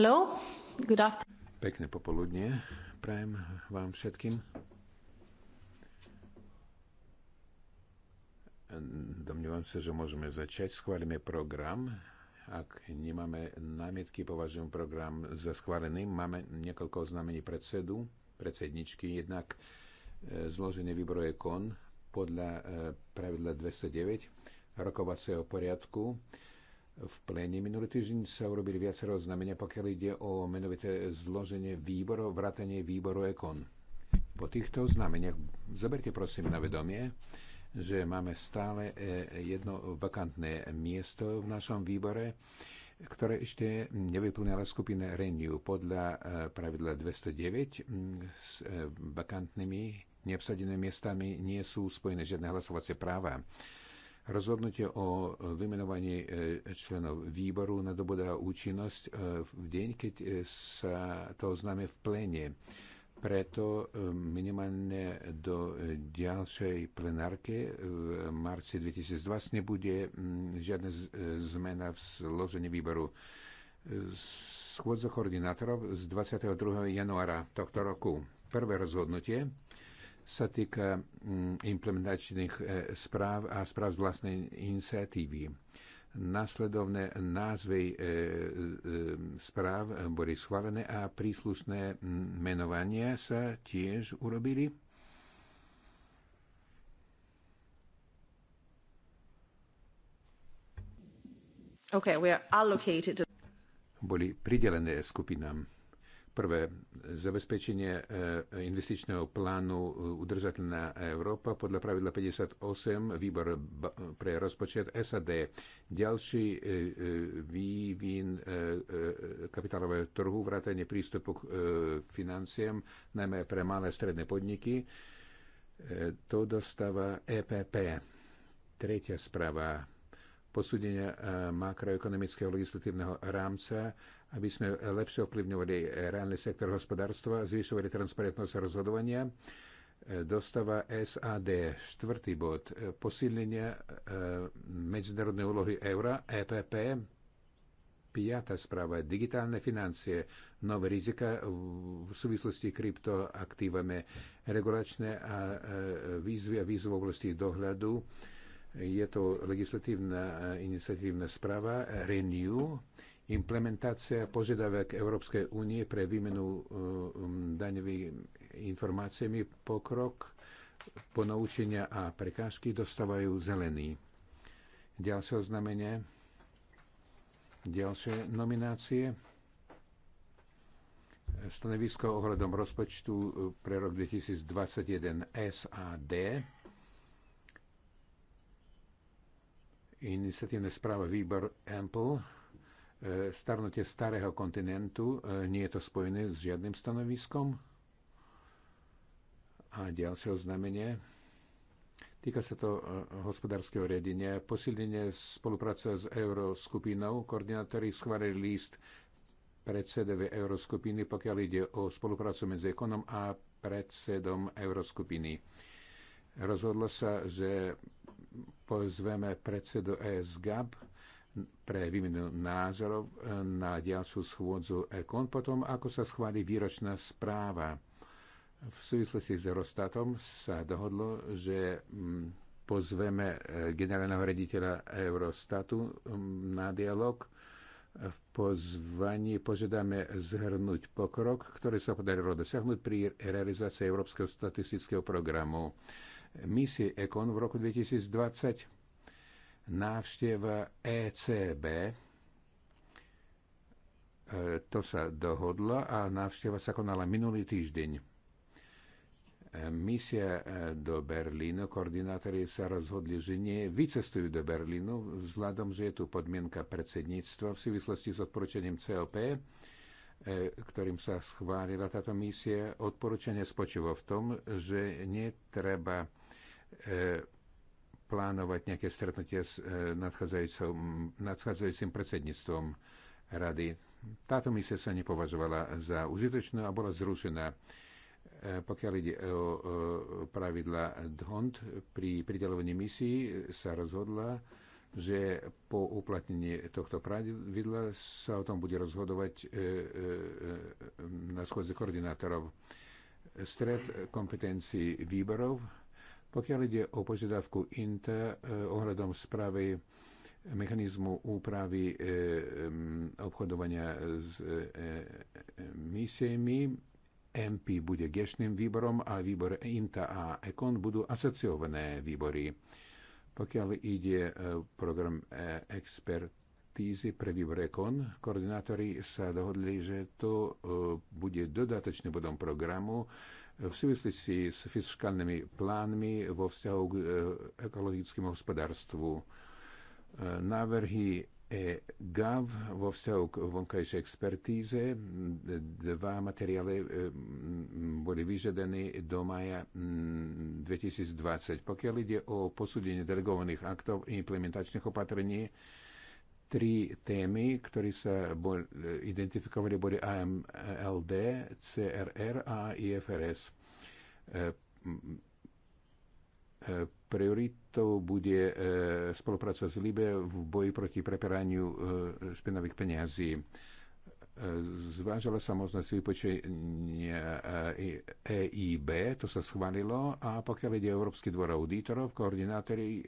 Hello, good afternoon. Pekné popoludnie prajem vám všetkým. Domnívam sa, že môžeme začať. Schválime program. Ak nemáme námietky, považujem program za schválený. Máme niekoľko oznámení predsedu, predsedničky. Jednak e, zloženie výboru je kon podľa e, pravidla 209 rokovacieho poriadku v pléne minulý týždeň sa urobili viacero znamenia, pokiaľ ide o menovité zloženie výboru, vratenie výboru EKON. Po týchto znameniach zoberte prosím na vedomie, že máme stále e, jedno vakantné miesto v našom výbore, ktoré ešte nevyplňala skupina Renew podľa e, pravidla 209 s e, vakantnými neobsadenými miestami nie sú spojené žiadne hlasovacie práva. Rozhodnutie o e, vymenovaní e, členov výboru nadobudá účinnosť e, v deň, keď sa to oznáme v plene. Preto minimálne do ďalšej plenárke v marci 2020 nebude žiadna zmena v zložení výboru. Schôdza koordinátorov z 22. januára tohto roku. Prvé rozhodnutie sa týka mm, implementačných e, správ a správ z vlastnej iniciatívy. Následovné názvy e, e, správ boli schválené a príslušné menovania sa tiež urobili. Okay, we are allocated. Boli pridelené skupinám. Prvé, zabezpečenie e, investičného plánu e, Udržateľná Európa podľa pravidla 58 výbor pre rozpočet SAD. Ďalší e, vývin kapitálového trhu, vrátanie prístupu k financiám, najmä pre malé a stredné podniky. To dostáva EPP. Tretia správa posúdenia makroekonomického legislatívneho rámca aby sme lepšie ovplyvňovali reálny sektor hospodárstva, zvyšovali transparentnosť rozhodovania. Dostava SAD, štvrtý bod, posilnenie e, medzinárodnej úlohy eura, EPP, piata správa, digitálne financie, nové rizika v súvislosti s kryptoaktívami, regulačné a e, výzvy a výzvy v oblasti dohľadu. Je to legislatívna iniciatívna správa Renew, implementácia požiadavek Európskej únie pre výmenu e, um, daňovými informáciami pokrok, ponaučenia a prekážky dostávajú zelený. Ďalšie oznámenie, ďalšie nominácie, stanovisko ohľadom rozpočtu e, pre rok 2021 SAD, iniciatívna správa Výbor Ample, E, starnutie starého kontinentu e, nie je to spojené s žiadnym stanoviskom. A ďalšie oznámenie. Týka sa to e, hospodárskeho riadenia. Posilnenie spolupráce s euroskupinou. Koordinátori schválili list predsedovi euroskupiny, pokiaľ ide o spoluprácu medzi ekonom a predsedom euroskupiny. Rozhodlo sa, že pozveme predsedu ESGAB, pre výmenu názorov e, na ďalšiu schôdzu EKON potom, ako sa schváli výročná správa. V súvislosti s Rostatom sa dohodlo, že mm, pozveme e, generálneho rediteľa Eurostatu mm, na dialog. V pozvaní požiadame zhrnúť pokrok, ktorý sa podarilo dosiahnuť pri realizácii Európskeho statistického programu misie EKON v roku 2020 návšteva ECB, e, to sa dohodlo a návšteva sa konala minulý týždeň. E, misia e, do Berlínu, koordinátori sa rozhodli, že nie vycestujú do Berlínu, vzhľadom, že je tu podmienka predsedníctva v súvislosti s odporúčaním COP, ktorým sa schválila táto misia. Odporúčanie spočíva v tom, že netreba plánovať nejaké stretnutie s e, nadchádzajúcim, predsedníctvom rady. Táto misia sa nepovažovala za užitočnú a bola zrušená. E, pokiaľ ide o pravidla DHONT, pri pridelovaní misií sa rozhodla, že po uplatnení tohto pravidla sa o tom bude rozhodovať e, na schôdze koordinátorov. Stred kompetencií výborov pokiaľ ide o požiadavku INTA eh, ohľadom správy mechanizmu úpravy eh, obchodovania s eh, misiemi, MP bude gešným výborom a výbor INTA a ECON budú asociované výbory. Pokiaľ ide program expertízy pre výbor ECON, koordinátori sa dohodli, že to bude dodatočným bodom programu, v súvislosti s fiskálnymi plánmi vo vzťahu k eh, ekologickému hospodárstvu. Eh, návrhy e GAV vo vzťahu k vonkajšej expertíze. Dva materiály eh, boli vyžadené do maja 2020. Mm, Pokiaľ ide o posúdenie delegovaných aktov implementačných opatrení, tri témy, ktoré sa bol, identifikovali, boli AMLD, CRR a IFRS. E, e, prioritou bude e, spolupráca s Libe v boji proti preperaniu špinavých peniazí. Zvážala sa možnosť vypočenia EIB, to sa schválilo, a pokiaľ ide Európsky dvor auditorov, koordinátori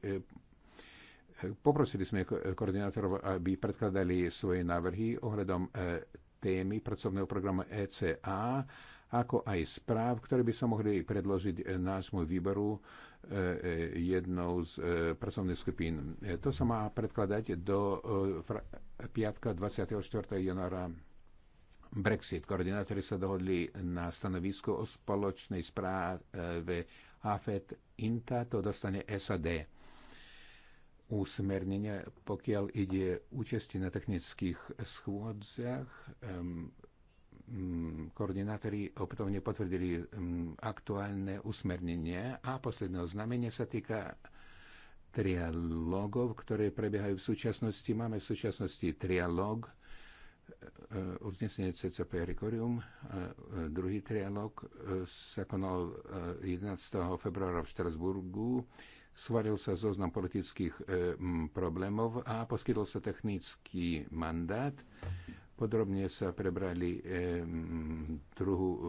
Poprosili sme koordinátorov, aby predkladali svoje návrhy ohľadom e, témy pracovného programu ECA, ako aj správ, ktoré by sa mohli predložiť e, nášmu výboru e, jednou z pracovných skupín. To sa má predkladať do piatka 24. januára Brexit. Koordinátori sa dohodli na stanovisko o spoločnej správe AFET INTA, to dostane SAD usmernenia, pokiaľ ide účasti na technických schôdzach. Mm, koordinátori opätovne potvrdili aktuálne usmernenie a posledné oznámenie sa týka trialógov, ktoré prebiehajú v súčasnosti. Máme v súčasnosti trialóg, e, e, uznesenie CCP Rikorium. E, druhý trialóg sa konal 11. februára v Štrasburgu schválil sa zoznam politických e, m, problémov a poskytol sa technický mandát. Podrobne sa prebrali e, m, druhú e, e, e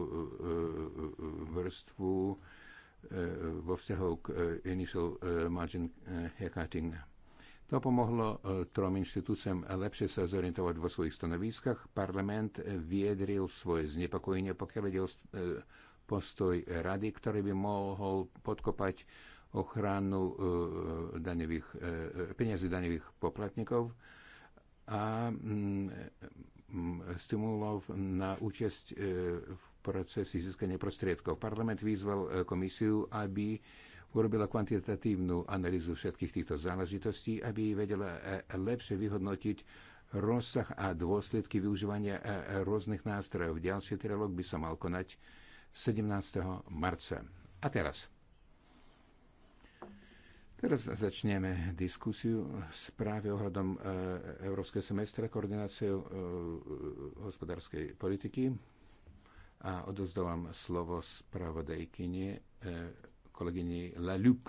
vrstvu e, vo vzťahu k e, Initial e, Margin haircutting. To pomohlo e, trom inštitúciám lepšie sa zorientovať vo svojich stanoviskách. Parlament viedril svoje znepokojenie, pokiaľ ide o postoj rady, ktorý by mohol podkopať ochranu e, daňových, e, e, peniazy daňových poplatníkov a mm, stimulov na účasť v procese získania prostriedkov. Parlament vyzval komisiu, aby urobila kvantitatívnu analýzu všetkých týchto záležitostí, aby vedela lepšie vyhodnotiť rozsah a dôsledky využívania rôznych nástrojov. Ďalší trilog by sa mal konať 17. marca. A teraz Teraz začneme diskusiu správe ohľadom e, Európskej semestra koordináciou e, hospodárskej politiky a odozdávam slovo spravodajkyne kolegyni Laluc.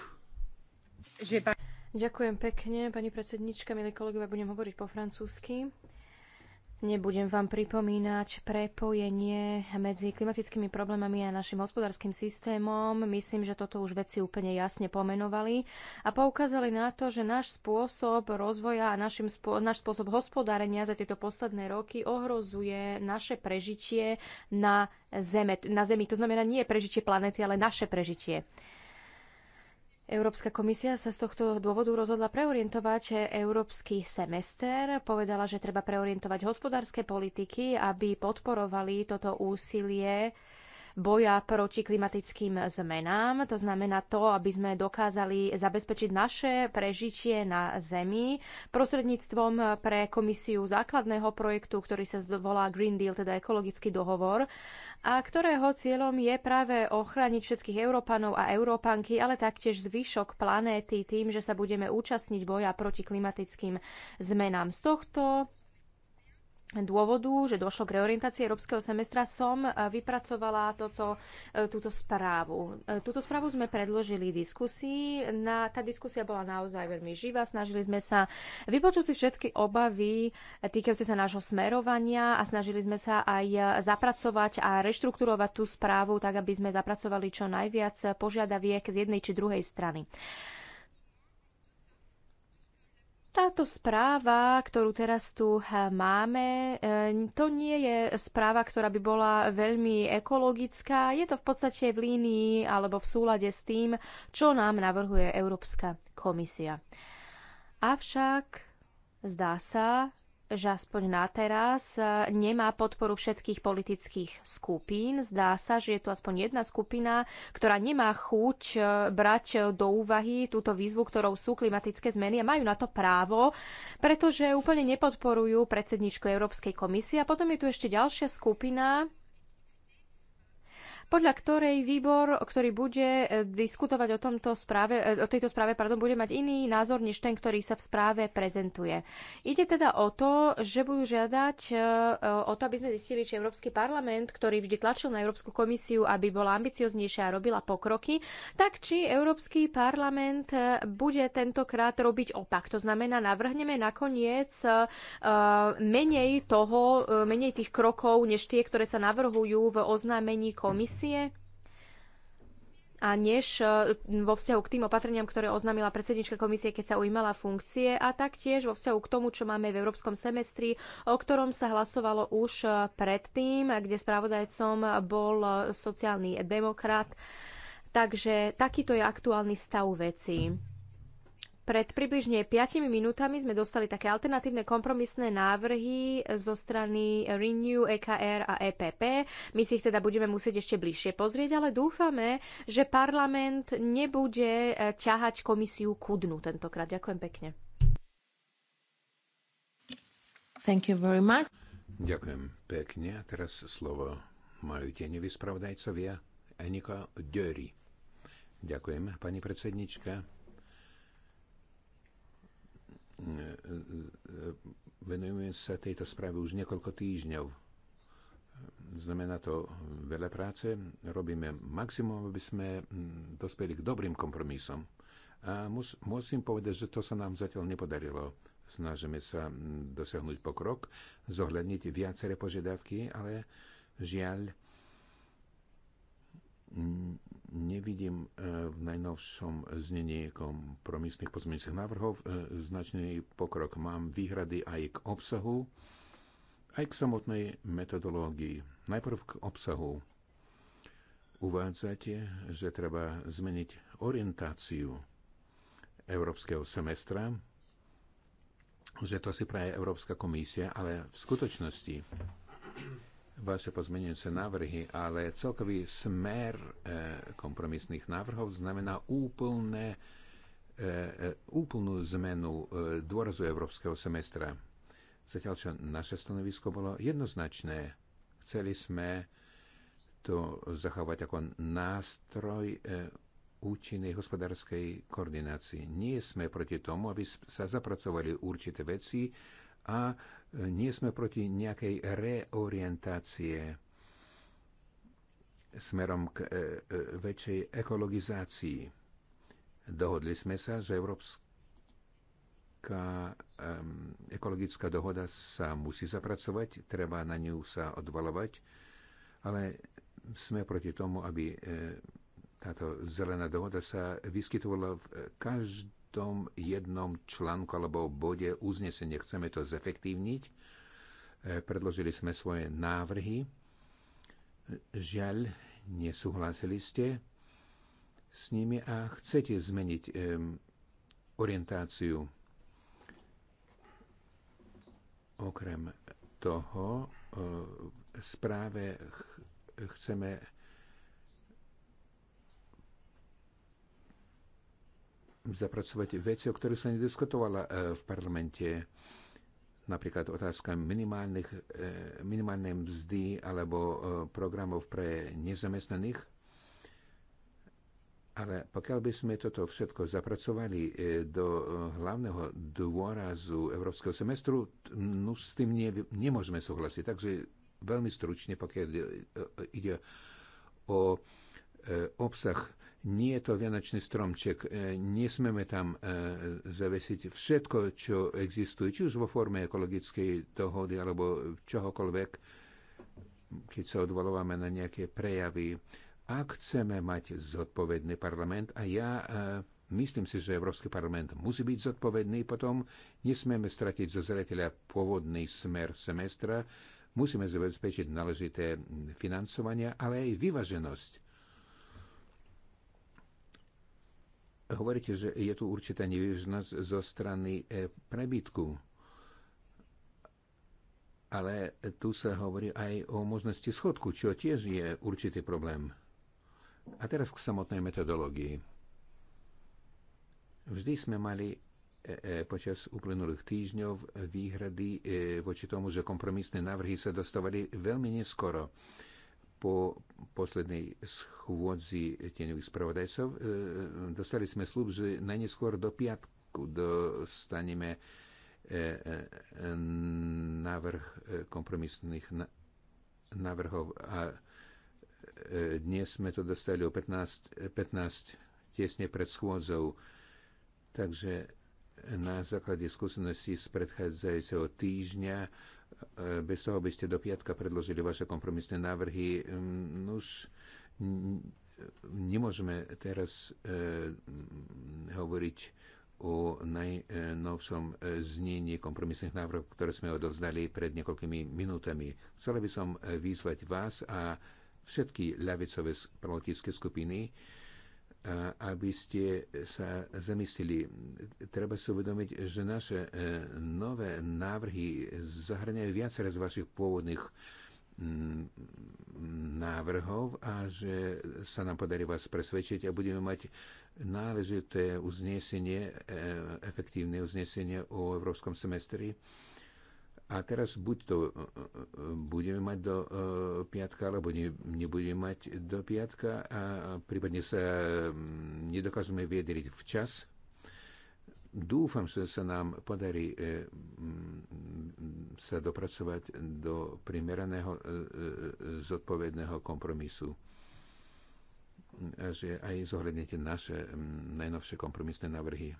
Ďakujem pekne, pani predsednička, milí kolegovia, budem hovoriť po francúzsky. Nebudem vám pripomínať prepojenie medzi klimatickými problémami a našim hospodárskym systémom. Myslím, že toto už veci úplne jasne pomenovali a poukázali na to, že náš spôsob rozvoja a našim spô- náš spôsob hospodárenia za tieto posledné roky ohrozuje naše prežitie na, zeme, na Zemi. To znamená nie prežitie planety, ale naše prežitie. Európska komisia sa z tohto dôvodu rozhodla preorientovať európsky semester. Povedala, že treba preorientovať hospodárske politiky, aby podporovali toto úsilie boja proti klimatickým zmenám. To znamená to, aby sme dokázali zabezpečiť naše prežitie na Zemi prostredníctvom pre komisiu základného projektu, ktorý sa volá Green Deal, teda ekologický dohovor, a ktorého cieľom je práve ochrániť všetkých Európanov a Európanky, ale taktiež zvyšok planéty tým, že sa budeme účastniť boja proti klimatickým zmenám. Z tohto dôvodu, že došlo k reorientácii európskeho semestra, som eh, vypracovala toto, eh, túto správu. Eh, túto správu sme predložili diskusii. Na, tá diskusia bola naozaj veľmi živá. Snažili sme sa vypočuť si všetky obavy týkajúce sa nášho smerovania a snažili sme sa aj zapracovať a reštrukturovať tú správu tak, aby sme zapracovali čo najviac požiadaviek z jednej či druhej strany. Táto správa, ktorú teraz tu eh, máme, eh, to nie je správa, ktorá by bola veľmi ekologická. Je to v podstate v línii alebo v súlade s tým, čo nám navrhuje Európska komisia. Avšak zdá sa, že aspoň na teraz e, nemá podporu všetkých politických skupín. Zdá sa, že je tu aspoň jedna skupina, ktorá nemá chuť e, brať do úvahy túto výzvu, ktorou sú klimatické zmeny a majú na to právo, pretože úplne nepodporujú predsedničku Európskej komisie. A potom je tu ešte ďalšia skupina, podľa ktorej výbor, ktorý bude eh, diskutovať o, tomto správe, eh, o tejto správe, pardon, bude mať iný názor, než ten, ktorý sa v správe prezentuje. Ide teda o to, že budú žiadať eh, o to, aby sme zistili, či Európsky parlament, ktorý vždy tlačil na Európsku komisiu, aby bola ambicioznejšia a robila pokroky, tak či Európsky parlament bude tentokrát robiť opak. To znamená, navrhneme nakoniec menej toho, menej tých krokov, než tie, ktoré sa navrhujú v oznámení komisie komisie. A než e, vo vzťahu k tým opatreniam, ktoré oznámila predsednička komisie, keď sa ujímala funkcie, a taktiež vo vzťahu k tomu, čo máme v európskom semestri, o ktorom sa hlasovalo už e, predtým, kde spravodajcom bol e, sociálny demokrat. Takže takýto je aktuálny stav veci. Pred približne 5 minútami sme dostali také alternatívne kompromisné návrhy zo strany Renew, EKR a EPP. My si ich teda budeme musieť ešte bližšie pozrieť, ale dúfame, že parlament nebude e, ťahať komisiu ku dnu tentokrát. Ďakujem pekne. Thank you very much. Ďakujem pekne. A teraz slovo majú tie spravodajcovia Eniko Döri. Ďakujem, pani predsednička. E, e, e, venujeme sa tejto správe už niekoľko týždňov. Znamená to veľa práce, robíme maximum, aby sme dospeli k dobrým kompromisom. A mus, musím povedať, že to sa nám zatiaľ nepodarilo. Snažíme sa dosiahnuť pokrok, zohľadniť viaceré požiadavky, ale žiaľ, nevidím e, v najnovšom znení kompromisných pozmeňujúcich návrhov e, značný pokrok. Mám výhrady aj k obsahu, aj k samotnej metodológii. Najprv k obsahu. Uvádzate, že treba zmeniť orientáciu európskeho semestra, že to si praje Európska komisia, ale v skutočnosti vaše pozmenujúce návrhy, ale celkový smer e, kompromisných návrhov znamená úplné, e, e, úplnú zmenu dôrazu európskeho semestra. Zatiaľ, čo naše stanovisko bolo jednoznačné, chceli sme to zachovať ako nástroj účinnej hospodárskej koordinácii. Nie sme proti tomu, aby sa zapracovali určité veci a nie sme proti nejakej reorientácie smerom k e, e, väčšej ekologizácii. Dohodli sme sa, že Európska ekologická dohoda sa musí zapracovať, treba na ňu sa odvalovať, ale sme proti tomu, aby e, táto zelená dohoda sa vyskytovala v každej tom jednom článku alebo bode uznesenie Chceme to zefektívniť. E, predložili sme svoje návrhy. Žiaľ, nesúhlasili ste s nimi a chcete zmeniť um, orientáciu. Okrem toho, e, v správe chceme zapracovať veci, o ktorých sa nediskutovala e, v parlamente. Napríklad otázka minimálnych, e, minimálnej mzdy alebo e, programov pre nezamestnaných. Ale pokiaľ by sme toto všetko zapracovali do hlavného dôrazu Európskeho semestru, no s tým ne, nemôžeme súhlasiť. Takže veľmi stručne, pokiaľ ide o obsah nie je to vianočný stromček, e, nesmeme tam e, zavesiť všetko, čo existuje, či už vo forme ekologickej dohody alebo čohokoľvek, keď sa odvolávame na nejaké prejavy. Ak chceme mať zodpovedný parlament, a ja e, myslím si, že Európsky parlament musí byť zodpovedný, potom nesmieme stratiť zo zreteľa pôvodný smer semestra, musíme zabezpečiť náležité financovania, ale aj vyvaženosť Hovoríte, že je tu určitá nevyžnosť zo strany e, prebytku. Ale tu sa hovorí aj o možnosti schodku, čo tiež je určitý problém. A teraz k samotnej metodológii. Vždy sme mali e, e, počas uplynulých týždňov výhrady voči tomu, že kompromisné návrhy sa dostávali veľmi neskoro po poslednej schôdzi tieňových spravodajcov. e, Dostali sme slub, že najneskôr do piatku dostaneme e, e, návrh kompromisných návrhov a e, dnes sme to dostali o 15, 15 tesne pred schôdzou. Takže na základe skúseností z predchádzajúceho týždňa e, bez toho by ste do piatka predložili vaše kompromisné návrhy. Mm, nuž, nemôžeme teraz e, hovoriť o najnovšom e, znení kompromisných návrhov, ktoré sme odovzdali pred niekoľkými minútami. Chcela by som e, vyzvať vás a všetky ľavicové politické skupiny, aby ste sa zamyslili. Treba si uvedomiť, že naše e, nové návrhy zahrňajú viacere z vašich pôvodných mm, návrhov a že sa nám podarí vás presvedčiť a budeme mať náležité uznesenie, e, efektívne uznesenie o európskom semestri a teraz buď to e, e, e, budeme mať do piatka, alebo ne, nebudeme mať do piatka a prípadne sa nedokážeme viedriť včas. Dúfam, že sa nám podarí sa dopracovať do primeraného zodpovedného kompromisu a že aj zohľadnete naše najnovšie kompromisné návrhy.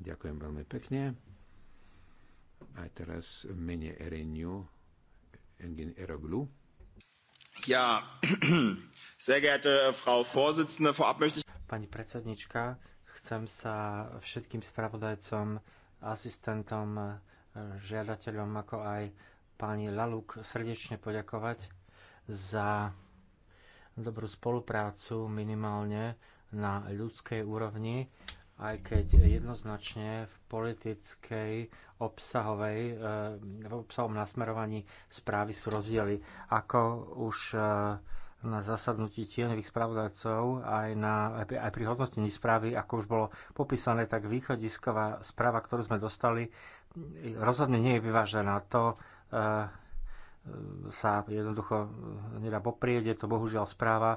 Ďakujem veľmi pekne aj teraz v mene Ereniu Engin Eroglu. Ja, sehr geehrte Frau Vorsitzende, vorab möchte ich... Pani predsednička, chcem sa všetkým spravodajcom, asistentom, žiadateľom, ako aj pani Laluk srdečne poďakovať za dobrú spoluprácu minimálne na ľudskej úrovni aj keď jednoznačne v politickej, obsahovej, eh, v obsahovom nasmerovaní správy sú rozdiely. Ako už eh, na zasadnutí tieňových spravodajcov aj, na, aj pri hodnotení správy, ako už bolo popísané, tak východisková správa, ktorú sme dostali, rozhodne nie je vyvážená. To eh, sa jednoducho nedá poprieť, je to bohužiaľ správa,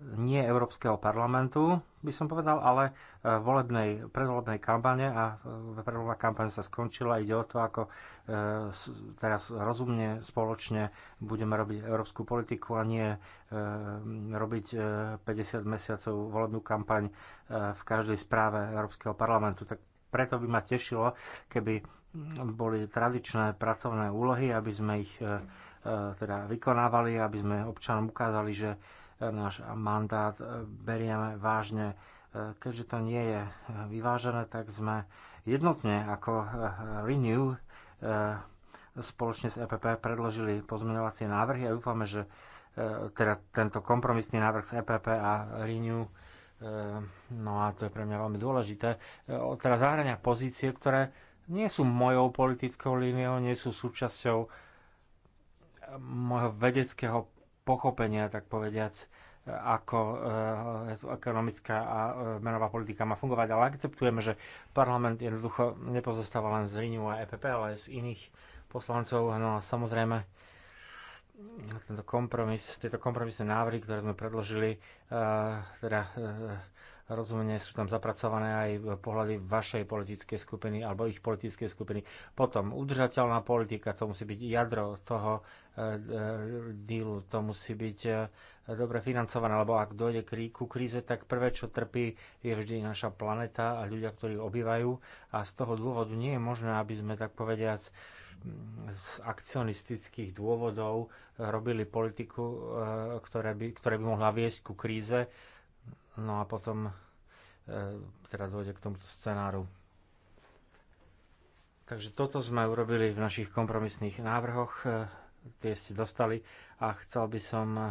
nie Európskeho parlamentu, by som povedal, ale e, volebnej, predvolebnej kampane a e, predvolebná kampaň sa skončila. Ide o to, ako e, teraz rozumne, spoločne budeme robiť európsku politiku a nie robiť 50 mesiacov volebnú kampaň v každej správe Európskeho parlamentu. Tak preto by ma tešilo, keby boli tradičné pracovné úlohy, aby sme ich teda vykonávali, aby sme občanom ukázali, že náš mandát e, berieme vážne. E, keďže to nie je vyvážené, tak sme jednotne ako e, Renew spoločne s EPP predložili pozmeňovacie návrhy a dúfame, že teda tento kompromisný návrh z EPP a Renew no a to je pre mňa veľmi dôležité, teda zahrania pozície, ktoré nie sú mojou politickou líniou, nie sú súčasťou môjho vedeckého pochopenia, tak povediac, ako eh, ekonomická a eh, menová politika má fungovať. Ale akceptujeme, že parlament jednoducho nepozostáva len z Renew a EPP, ale aj z iných poslancov. No a samozrejme, tento kompromis, tieto kompromisné návrhy, ktoré sme predložili, eh, teda Rozumne sú tam zapracované aj pohľady vašej politickej skupiny alebo ich politickej skupiny. Potom udržateľná politika, to musí byť jadro toho e, e dílu, to musí byť e, dobre financované, lebo ak dojde ku kríze, tak prvé, čo trpí, je vždy naša planeta a ľudia, ktorí obývajú. A z toho dôvodu nie je možné, aby sme tak povediac z akcionistických dôvodov e, robili politiku, e, ktoré by, ktoré by mohla viesť ku kríze No a potom e, teda dôjde k tomuto scenáru. Takže toto sme urobili v našich kompromisných návrhoch, e, tie ste dostali a chcel by som e,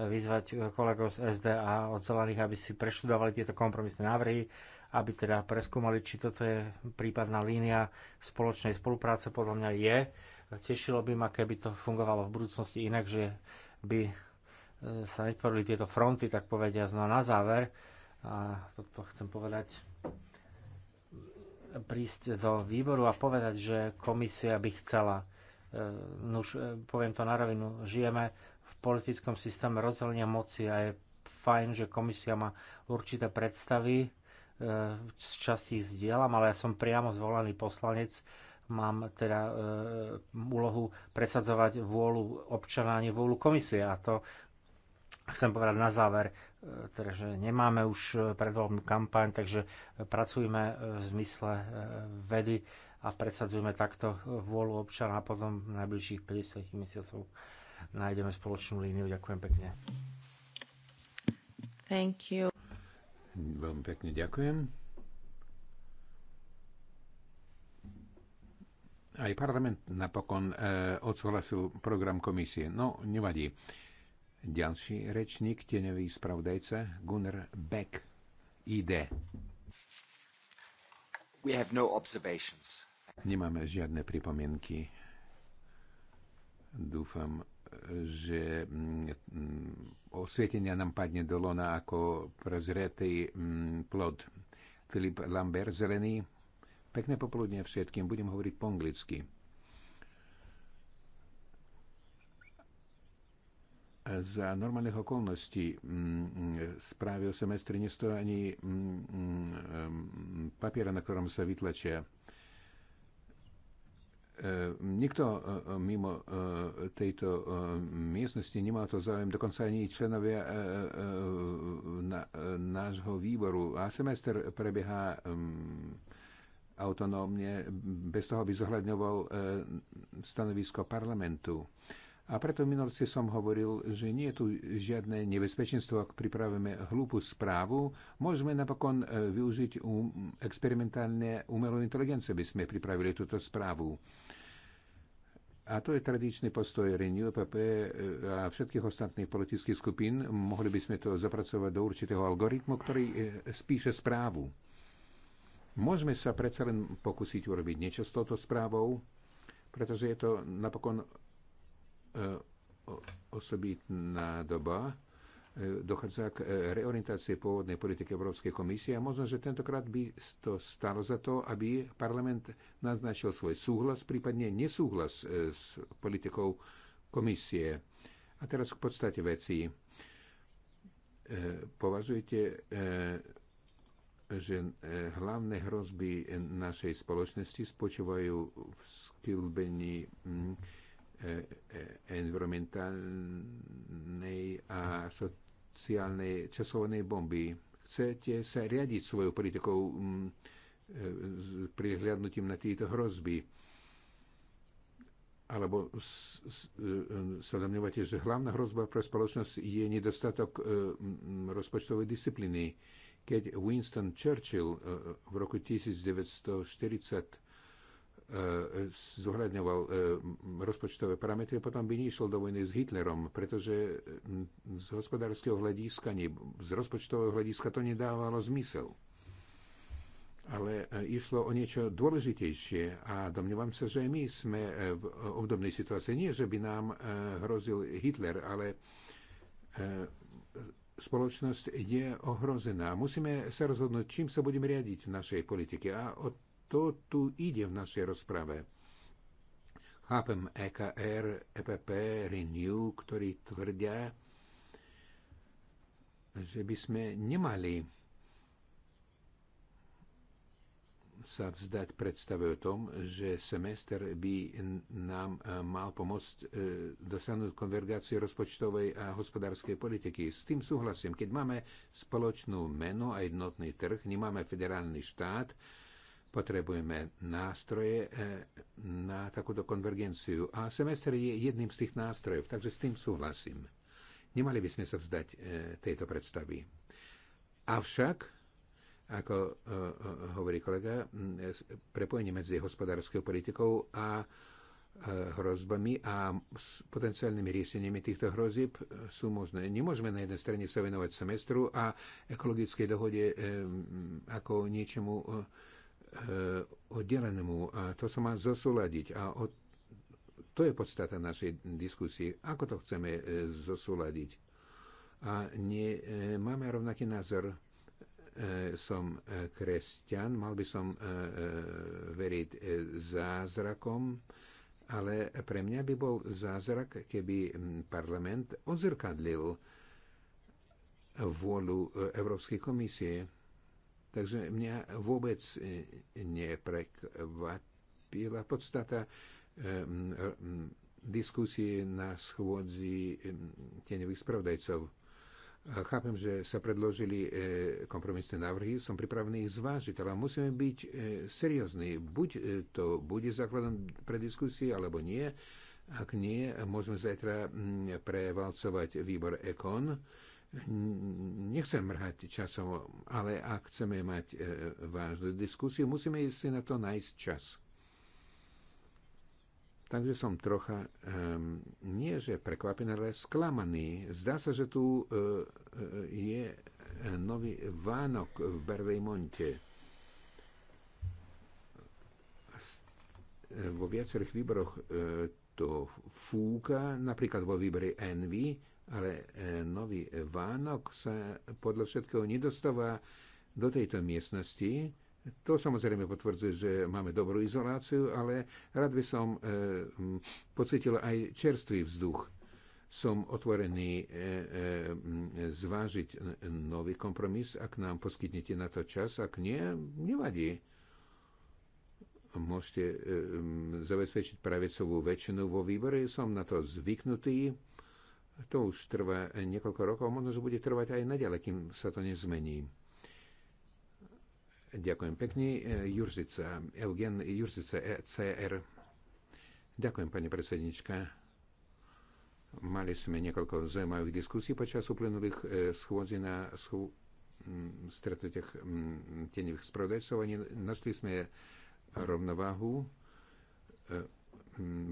vyzvať kolegov z SD a od zelených, aby si preštudovali tieto kompromisné návrhy, aby teda preskúmali, či toto je prípadná línia spoločnej spolupráce, podľa mňa je. Tešilo by ma, keby to fungovalo v budúcnosti inak, že by E, sa vytvorili tieto fronty, tak povediať. No na záver, a toto chcem povedať, prísť do výboru a povedať, že komisia by chcela, e, no už e, poviem to na rovinu, žijeme v politickom systéme rozdelenia moci a je fajn, že komisia má určité predstavy, z časti zdieľam, ale ja som priamo zvolený poslanec, mám teda e, úlohu presadzovať vôľu občana, a nie vôľu komisie. A to chcem povedať na záver, e, teda, že nemáme už e, predvoľbnú kampaň, takže pracujeme e, v zmysle vedy a predsadzujeme takto vôľu občana a potom v najbližších 50 mesiacov nájdeme spoločnú líniu. Ďakujem pekne. Thank you. Veľmi pekne ďakujem. Aj parlament napokon e, odsúhlasil program komisie. No, nevadí. E, ďalší rečník, tenevý spravodajca Gunnar Beck, ID. We have no observations. Nemáme žiadne pripomienky. Dúfam, že mm, osvietenia nám padne do lona ako prezretý mm, plod. Filip Lambert, zelený. Pekné popoludne všetkým, budem hovoriť po anglicky. za normálnych okolností mm, mm, správy o semestri nestojí ani mm, papiera, na ktorom sa vytlačia. E, nikto e, e, mimo tejto miestnosti nemá to záujem, dokonca ani členovia nášho výboru. A semester prebieha autonómne, bez toho, by zohľadňoval stanovisko parlamentu. A preto v minulosti som hovoril, že nie je tu žiadne nebezpečenstvo, ak pripravíme hlúpu správu, môžeme napokon e, využiť um, experimentálne umelú inteligenciu, aby sme pripravili túto správu. A to je tradičný postoj Renew, PP e, a všetkých ostatných politických skupín. Mohli by sme to zapracovať do určitého algoritmu, ktorý e, spíše správu. Môžeme sa predsa len pokúsiť urobiť niečo s touto správou, pretože je to napokon E, osobitná doba, e, dochádza k e, reorientácii pôvodnej politiky Európskej komisie a možno, že tentokrát by to stalo za to, aby parlament naznačil svoj súhlas, prípadne nesúhlas s politikou komisie. A teraz k podstate veci. Považujete, že hlavné hrozby našej spoločnosti spočívajú v skilbení E, e, environmentálnej a sociálnej časovanej bomby. Chcete sa riadiť svojou politikou mm, e, prihľadnutím na tieto hrozby? Alebo sa domnievate, že hlavná hrozba pre spoločnosť je nedostatok rozpočtovej disciplíny? Keď Winston Churchill v roku 1940 E, zohľadňoval e, rozpočtové parametre, potom by nešiel do vojny s Hitlerom, pretože z hospodárskeho hľadiska, nie, z rozpočtového hľadiska to nedávalo zmysel. Ale e, išlo o niečo dôležitejšie a domnievam sa, že my sme v obdobnej situácii. Nie, že by nám hrozil Hitler, ale spoločnosť je ohrozená. Musíme sa rozhodnúť, čím sa budeme riadiť v našej politike. A od to tu ide v našej rozprave. Chápem EKR, EPP, Renew, ktorí tvrdia, že by sme nemali sa vzdať predstave o tom, že semester by nám eh, mal pomôcť eh, dosiahnuť konvergáciu rozpočtovej a hospodárskej politiky. S tým súhlasím. Keď máme spoločnú menu a jednotný trh, nemáme federálny štát, Potrebujeme nástroje e, na takúto konvergenciu a semester je jedným z tých nástrojov, takže s tým súhlasím. Nemali by sme sa vzdať e, tejto predstavy. Avšak, ako e, hovorí kolega, prepojenie medzi hospodárskou politikou a hrozbami a s potenciálnymi riešeniami týchto hrozieb sú možné. Nemôžeme na jednej strane sa venovať semestru a ekologickej dohode ako niečomu Eh, oddelenému. A to sa má zosúľadiť. A od, to je podstata našej diskusie. Ako to chceme eh, zosúľadiť? A nie, eh, máme rovnaký názor. Som kresťan, mal by som veriť zázrakom, ale pre mňa by bol zázrak, keby hm, parlament odzrkadlil vôľu Európskej komisie Takže mňa vôbec e, neprekvapila podstata e, diskusie na schôdzi e, tieňových spravodajcov. Chápem, že sa predložili kompromisné návrhy, som pripravený ich zvážiť, ale musíme byť seriózni. Buď to bude základom pre diskusie, alebo nie. Ak nie, môžeme zajtra prevalcovať výbor EKON Nechcem mrhať časom, ale ak chceme mať e, vážnu diskusiu, musíme si na to nájsť čas. Takže som trocha, e, nie že prekvapený, ale sklamaný. Zdá sa, že tu e, e je nový Vánok v Berlejmonte. Vo viacerých výboroch e, to fúka, napríklad vo výbore Envy, ale e, nový Vánok sa podľa všetkého nedostáva do tejto miestnosti. To samozrejme potvrdzuje, že máme dobrú izoláciu, ale rád by som e, pocitil aj čerstvý vzduch. Som otvorený e, zvážiť nový kompromis, ak nám poskytnete na to čas, ak nie, nevadí. Môžete zabezpečiť pravicovú väčšinu vo výbore, som na to zvyknutý to už trvá niekoľko rokov, možno, že bude trvať aj naďalej, kým sa to nezmení. Ďakujem pekne. Jurzica, Eugen Jurzica, e CR. Ďakujem, pani predsednička. Mali sme niekoľko zaujímavých diskusí počas uplynulých e, schôdzi na schu- stretnutiach tenivých spravodajcov a našli sme rovnováhu e,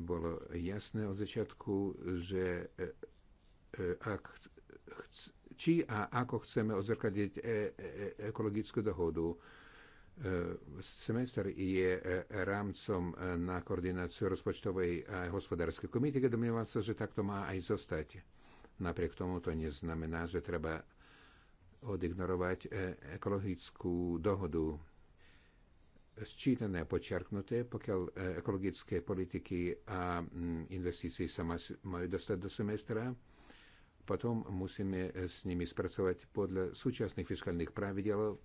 bolo jasné od začiatku, že E, ak či a ako chceme odzrkadiť e, e- e- ekologickú dohodu. E- Semester je e, rámcom na koordináciu rozpočtovej a hospodárskej komitete. Domnievam sa, že takto má aj zostať. Napriek tomu to neznamená, že treba odignorovať e- ekologickú dohodu. Sčítané a počiarknuté, pokiaľ ekologické politiky a investície sa majú dostať do semestra, potom musíme e, s nimi spracovať podľa súčasných fiskálnych pravidel, e,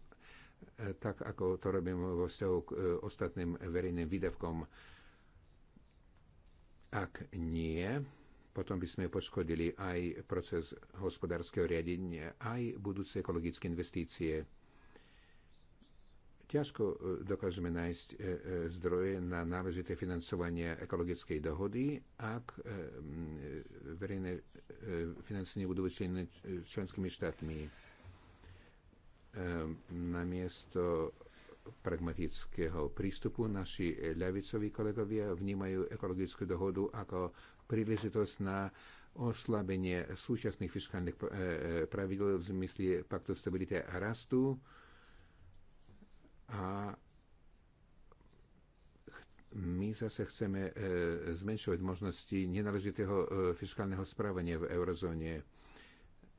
tak ako to robím vo vzťahu k e, ostatným verejným výdavkom. Ak nie, potom by sme poškodili aj proces hospodárskeho riadenia, aj budúce ekologické investície. Ťažko e, dokážeme nájsť e, e, zdroje na náležité financovanie ekologickej dohody, ak verejné financie budú vyčlenené členskými štátmi. Namiesto pragmatického prístupu naši ľavicoví kolegovia vnímajú ekologickú dohodu ako príležitosť na oslabenie súčasných fiskálnych pravidel v zmysle paktu stability a rastu, a my zase chceme e, zmenšovať možnosti nenáležitého e, fiskálneho správania v eurozóne.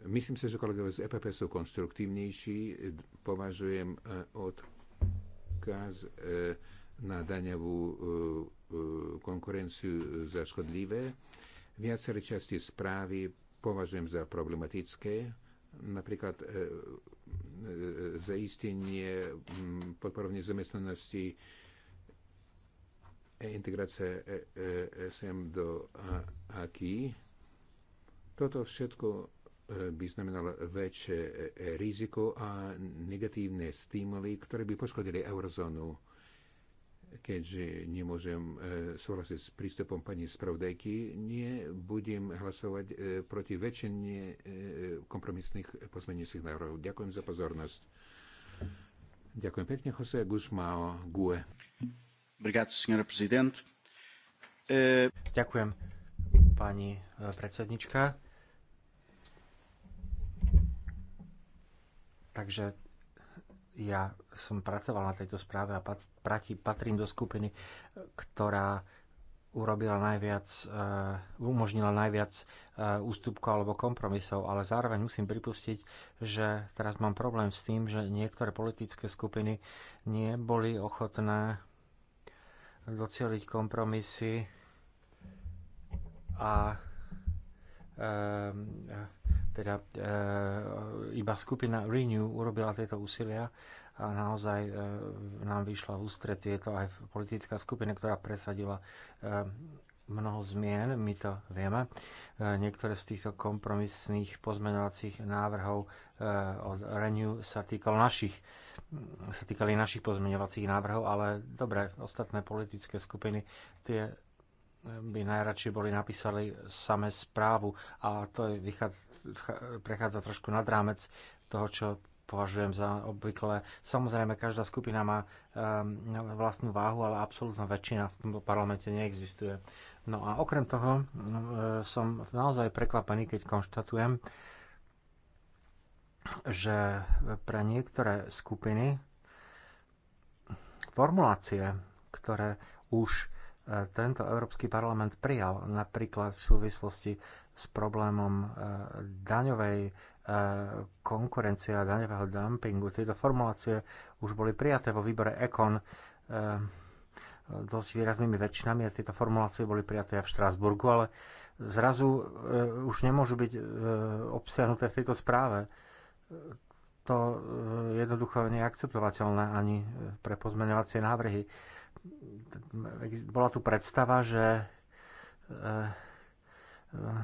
Myslím si, že kolegovia z EPP sú konstruktívnejší. Považujem e, odkaz na daňovú konkurenciu za škodlivé. Viaceré časti správy považujem za problematické napríklad e, e, zaistenie podporovne zamestnanosti, e, integrácia e, e, SM do AKI. Toto všetko e, by znamenalo väčšie riziko a negatívne stimuly, ktoré by poškodili eurozónu keďže nemôžem e, súhlasiť s prístupom pani spravodajky, nebudem hlasovať e, proti väčšine e, kompromisných pozmeňujúcich návrhov. Ďakujem za pozornosť. Ďakujem pekne, Jose Gusmao Gue. Ďakujem, pani predsednička. Takže ja som pracoval na tejto správe a patrím do skupiny, ktorá urobila najviac, eh, umožnila najviac eh, ústupkov alebo kompromisov, ale zároveň musím pripustiť, že teraz mám problém s tým, že niektoré politické skupiny neboli ochotné docieliť kompromisy a eh, teda e, iba skupina Renew urobila tieto úsilia a naozaj e, nám vyšla v ústretie. Je to aj politická skupina, ktorá presadila e, mnoho zmien, my to vieme. E, niektoré z týchto kompromisných pozmenovacích návrhov e, od Renew sa, týkal našich, sa týkali našich pozmeňovacích návrhov, ale dobre, ostatné politické skupiny tie by najradšie boli napísali same správu a to je, prechádza trošku nad rámec toho, čo považujem za obvykle. Samozrejme, každá skupina má um, vlastnú váhu, ale absolútna väčšina v tomto parlamente neexistuje. No a okrem toho ehm, som naozaj prekvapený, keď konštatujem, že pre niektoré skupiny formulácie, ktoré už E, tento Európsky parlament prijal, napríklad v súvislosti s problémom e, daňovej e, konkurencie a daňového dumpingu. Tieto formulácie už boli prijaté vo výbore ECON dosť výraznými väčšinami a tieto formulácie boli prijaté aj v Štrásburgu, ale zrazu už nemôžu byť obsiahnuté v tejto správe. To jednoducho neakceptovateľné ani pre pozmeňovacie návrhy bola tu predstava, že eh, eh,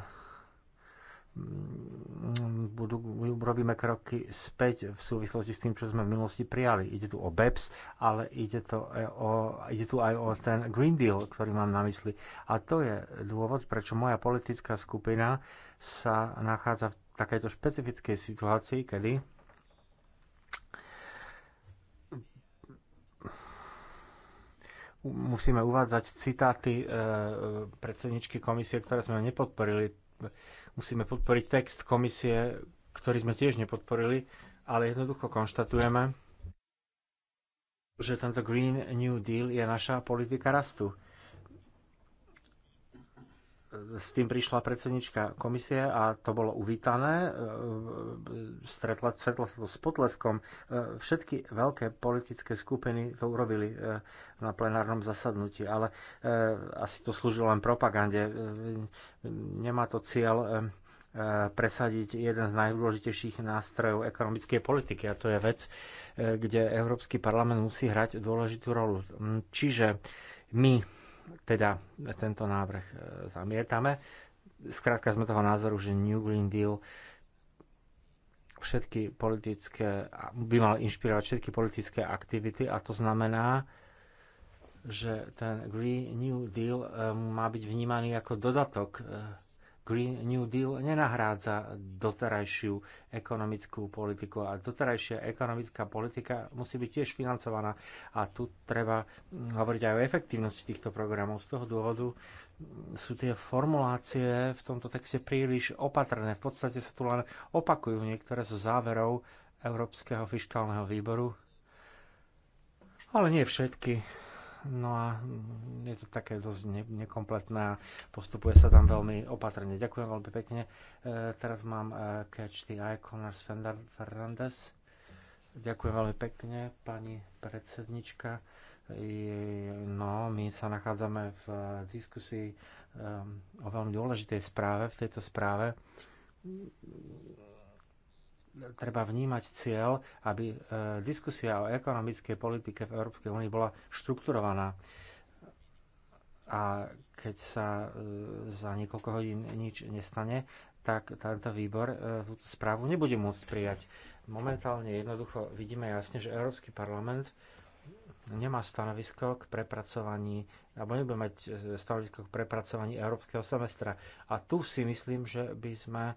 budú, robíme kroky späť v súvislosti s tým, čo sme v minulosti prijali. Ide tu o BEPS, ale ide, to o, ide tu aj o ten Green Deal, ktorý mám na mysli. A to je dôvod, prečo moja politická skupina sa nachádza v takejto špecifickej situácii, kedy musíme uvádzať citáty e, predsedničky komisie, ktoré sme nepodporili. Musíme podporiť text komisie, ktorý sme tiež nepodporili, ale jednoducho konštatujeme, že tento Green New Deal je naša politika rastu s tým prišla predsednička komisie a to bolo uvítané. E, stretla, stretla sa to s potleskom. E, všetky veľké politické skupiny to urobili e, na plenárnom zasadnutí, ale asi to slúžilo len propagande. Nemá to cieľ presadiť jeden z najdôležitejších nástrojov ekonomickej politiky a to je vec, kde Európsky parlament musí hrať dôležitú rolu. Čiže my teda tento návrh e, zamietame. Skrátka sme toho názoru, že New Green Deal všetky politické, by mal inšpirovať všetky politické aktivity a to znamená, že ten Green New Deal e, má byť vnímaný ako dodatok e, Green New Deal nenahrádza doterajšiu ekonomickú politiku a doterajšia ekonomická politika musí byť tiež financovaná a tu treba hovoriť aj o efektívnosti týchto programov. Z toho dôvodu sú tie formulácie v tomto texte príliš opatrné. V podstate sa tu len opakujú niektoré z záverov Európskeho fiskálneho výboru, ale nie všetky No a je to také dosť ne- nekompletné a postupuje sa tam veľmi opatrne. Ďakujem veľmi pekne. E, teraz mám e, catch the eye, Connor Fernandez. Ďakujem veľmi pekne, pani predsednička. E, no, my sa nachádzame v e, diskusii e, o veľmi dôležitej správe, v tejto správe treba vnímať cieľ, aby e, diskusia o ekonomickej politike v Európskej únii bola štrukturovaná. A keď sa e, za niekoľko hodín nič nestane, tak tento výbor e, túto správu nebude môcť prijať. Momentálne jednoducho vidíme jasne, že Európsky parlament nemá stanovisko k prepracovaní, alebo nebude mať e, stanovisko k prepracovaní európskeho semestra. A tu si myslím, že by sme e,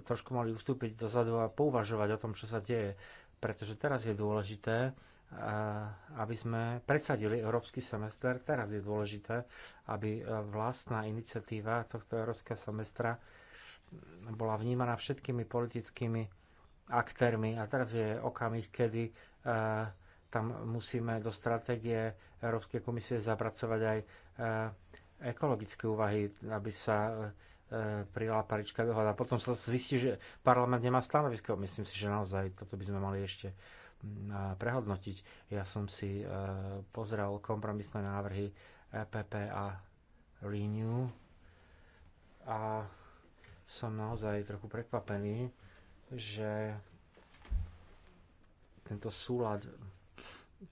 trošku mali ustúpiť dozadu a pouvažovať o tom, čo sa deje. Pretože teraz je dôležité, e, aby sme predsadili európsky semester. Teraz je dôležité, aby vlastná iniciatíva tohto európskeho semestra bola vnímaná všetkými politickými aktérmi. A teraz je okamih, kedy tam musíme do stratégie Európskej komisie zapracovať aj eh, ekologické úvahy, aby sa eh, prijala parička dohoda. Potom sa zistí, že parlament nemá stanovisko. Myslím si, že naozaj toto by sme mali ešte mm, eh, prehodnotiť. Ja som si pozrel kompromisné návrhy EPP a Renew a som naozaj trochu prekvapený, že tento súlad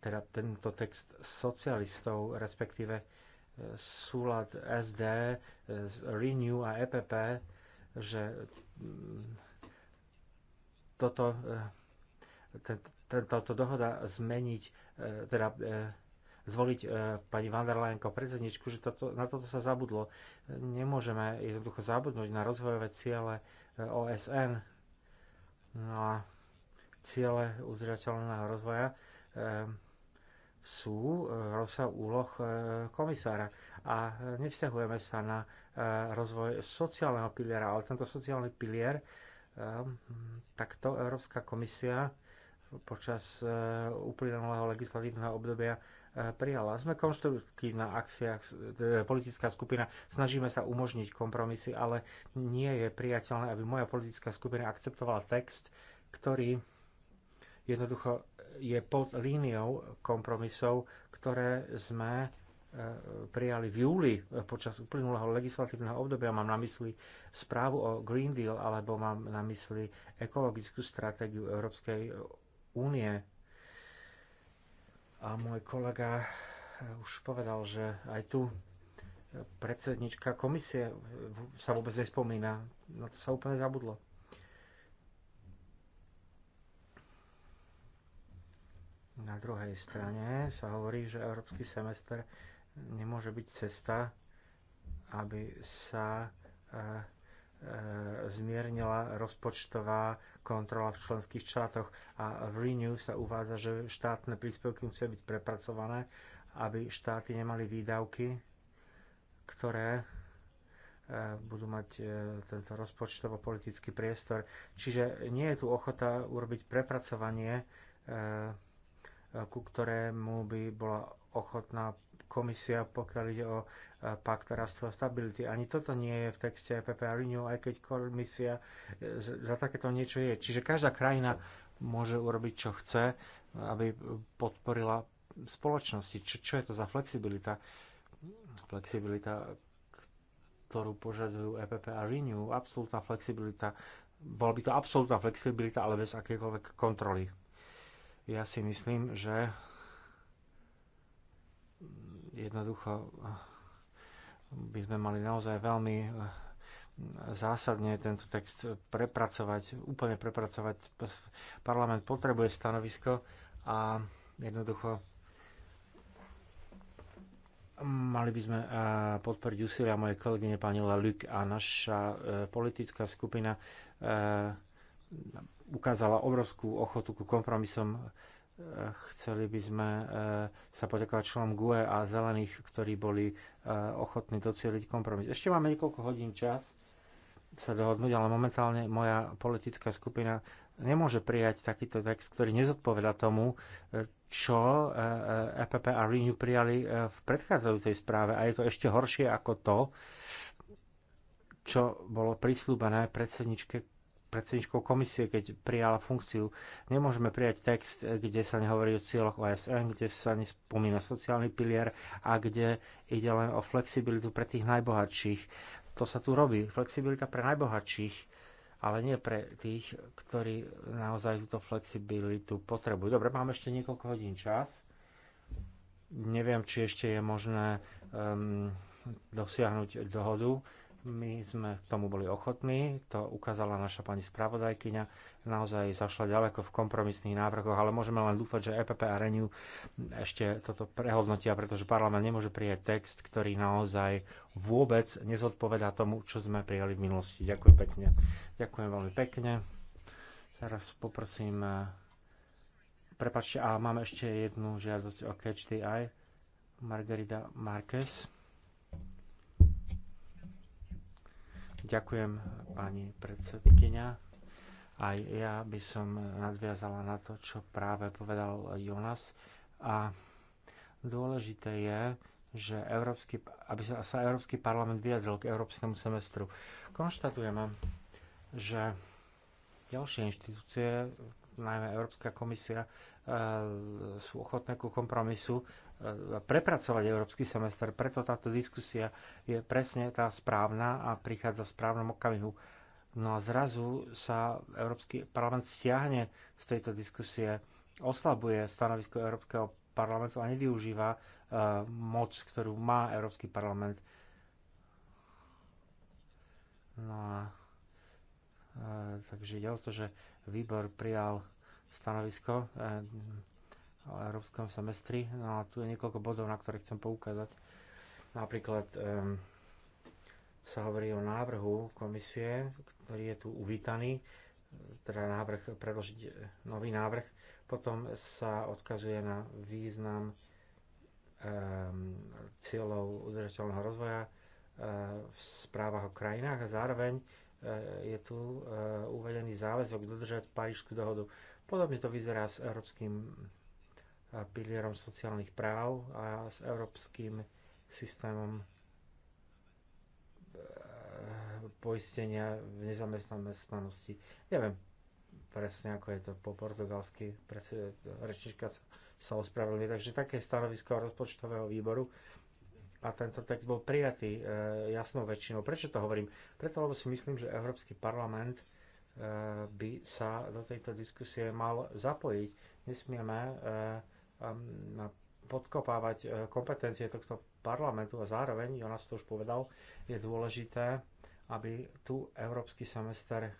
teda tento text socialistov, respektíve e, súlad SD, e, Renew a EPP, že mm, toto, e, táto dohoda zmeniť, teda zvoliť pani van der Leyen ako predsedničku, že toto, na toto sa zabudlo. Nemôžeme jednoducho zabudnúť na rozvojové ciele OSN, na no ciele udržateľného rozvoja Ehm, sú eh, rozsah úloh eh, komisára a eh, nevzťahujeme sa na rozvoj sociálneho piliera, ale tento sociálny pilier ehm, takto Európska komisia počas uplynulého legislatívneho obdobia prijala. Sme konštruktívna akcia, politická skupina, snažíme sa umožniť kompromisy, ale nie je priateľné, aby moja politická skupina akceptovala text, ktorý jednoducho je pod líniou kompromisov, ktoré sme e, prijali v júli počas uplynulého legislatívneho obdobia. Mám na mysli správu o Green Deal alebo mám na mysli ekologickú stratégiu Európskej únie. A môj kolega e, už povedal, že aj tu e, predsednička komisie sa vôbec nespomína. No to sa úplne zabudlo. Na druhej strane sa hovorí, že európsky semester nemôže byť cesta, aby sa e, e, zmiernila rozpočtová kontrola v členských štátoch a v Renew sa uvádza, že štátne príspevky musia byť prepracované, aby štáty nemali výdavky, ktoré e, budú mať tento rozpočtovo-politický priestor. Čiže nie je tu ochota urobiť prepracovanie ku ktorému by bola ochotná komisia, pokiaľ ide o e, pakt rastu a stability. Ani toto nie je v texte EPP a Renew, aj keď komisia e, za takéto niečo je. Čiže každá krajina môže urobiť, čo chce, aby podporila spoločnosti. Čo, čo je to za flexibilita? Flexibilita, ktorú požadujú EPP a Renew, absolútna flexibilita. Bola by to absolútna flexibilita, ale bez akékoľvek kontroly. Ja si myslím, že jednoducho by sme mali naozaj veľmi zásadne tento text prepracovať, úplne prepracovať. Parlament potrebuje stanovisko a jednoducho mali by sme eh, podporiť úsilia mojej kolegyne pani Laluc a naša eh, politická skupina eh, ukázala obrovskú ochotu ku kompromisom. E, chceli by sme e, sa poďakovať členom GUE a zelených, ktorí boli e, ochotní docieliť kompromis. Ešte máme niekoľko hodín čas sa dohodnúť, ale momentálne moja politická skupina nemôže prijať takýto text, ktorý nezodpoveda tomu, čo EPP a Renew prijali v predchádzajúcej správe. A je to ešte horšie ako to, čo bolo prislúbené predsedničke predsedničkou komisie, keď prijala funkciu. Nemôžeme prijať text, kde sa nehovorí o cieľoch OSN, kde sa nespomína sociálny pilier a kde ide len o flexibilitu pre tých najbohatších. To sa tu robí. Flexibilita pre najbohatších, ale nie pre tých, ktorí naozaj túto flexibilitu potrebujú. Dobre, máme ešte niekoľko hodín čas. Neviem, či ešte je možné um, dosiahnuť dohodu my sme k tomu boli ochotní, to ukázala naša pani spravodajkyňa, naozaj zašla ďaleko v kompromisných návrhoch, ale môžeme len dúfať, že EPP a Renew ešte toto prehodnotia, pretože parlament nemôže prijať text, ktorý naozaj vôbec nezodpovedá tomu, čo sme prijali v minulosti. Ďakujem pekne. Ďakujem veľmi pekne. Teraz poprosím... E, prepačte, a máme ešte jednu žiadosť o Catch the Eye. Margarida Marquez. Ďakujem, pani predsedkynia. Aj ja by som nadviazala na to, čo práve povedal Jonas. A dôležité je, že Európsky, aby sa, Európsky parlament vyjadril k Európskemu semestru. Konštatujeme, že ďalšie inštitúcie, najmä Európska komisia, e, sú ochotné ku kompromisu prepracovať európsky semester. Preto táto diskusia je presne tá správna a prichádza v správnom okamihu. No a zrazu sa Európsky parlament stiahne z tejto diskusie, oslabuje stanovisko Európskeho parlamentu a nevyužíva uh, moc, ktorú má Európsky parlament. No a uh, takže ide o to, že výbor prijal stanovisko uh, európskom semestri. No a tu je niekoľko bodov, na ktoré chcem poukázať. Napríklad um, sa hovorí o návrhu komisie, ktorý je tu uvítaný, teda návrh, predložiť nový návrh. Potom sa odkazuje na význam um, cieľov udržateľného rozvoja eh, v správach o krajinách a zároveň eh, je tu eh, uvedený záväzok dodržať Parížskú dohodu. Podobne to vyzerá s európskym pilierom sociálnych práv a s európskym systémom e, poistenia v nezamestnanosti. Neviem presne, ako je to po portugalsky, rečnička sa ospravedlňuje. Takže také stanovisko rozpočtového výboru a tento text bol prijatý e, jasnou väčšinou. Prečo to hovorím? Preto, lebo si myslím, že Európsky parlament e, by sa do tejto diskusie mal zapojiť. Nesmieme e, Um, podkopávať eh, kompetencie tohto parlamentu a zároveň, Jonas to už povedal, je dôležité, aby tu európsky semester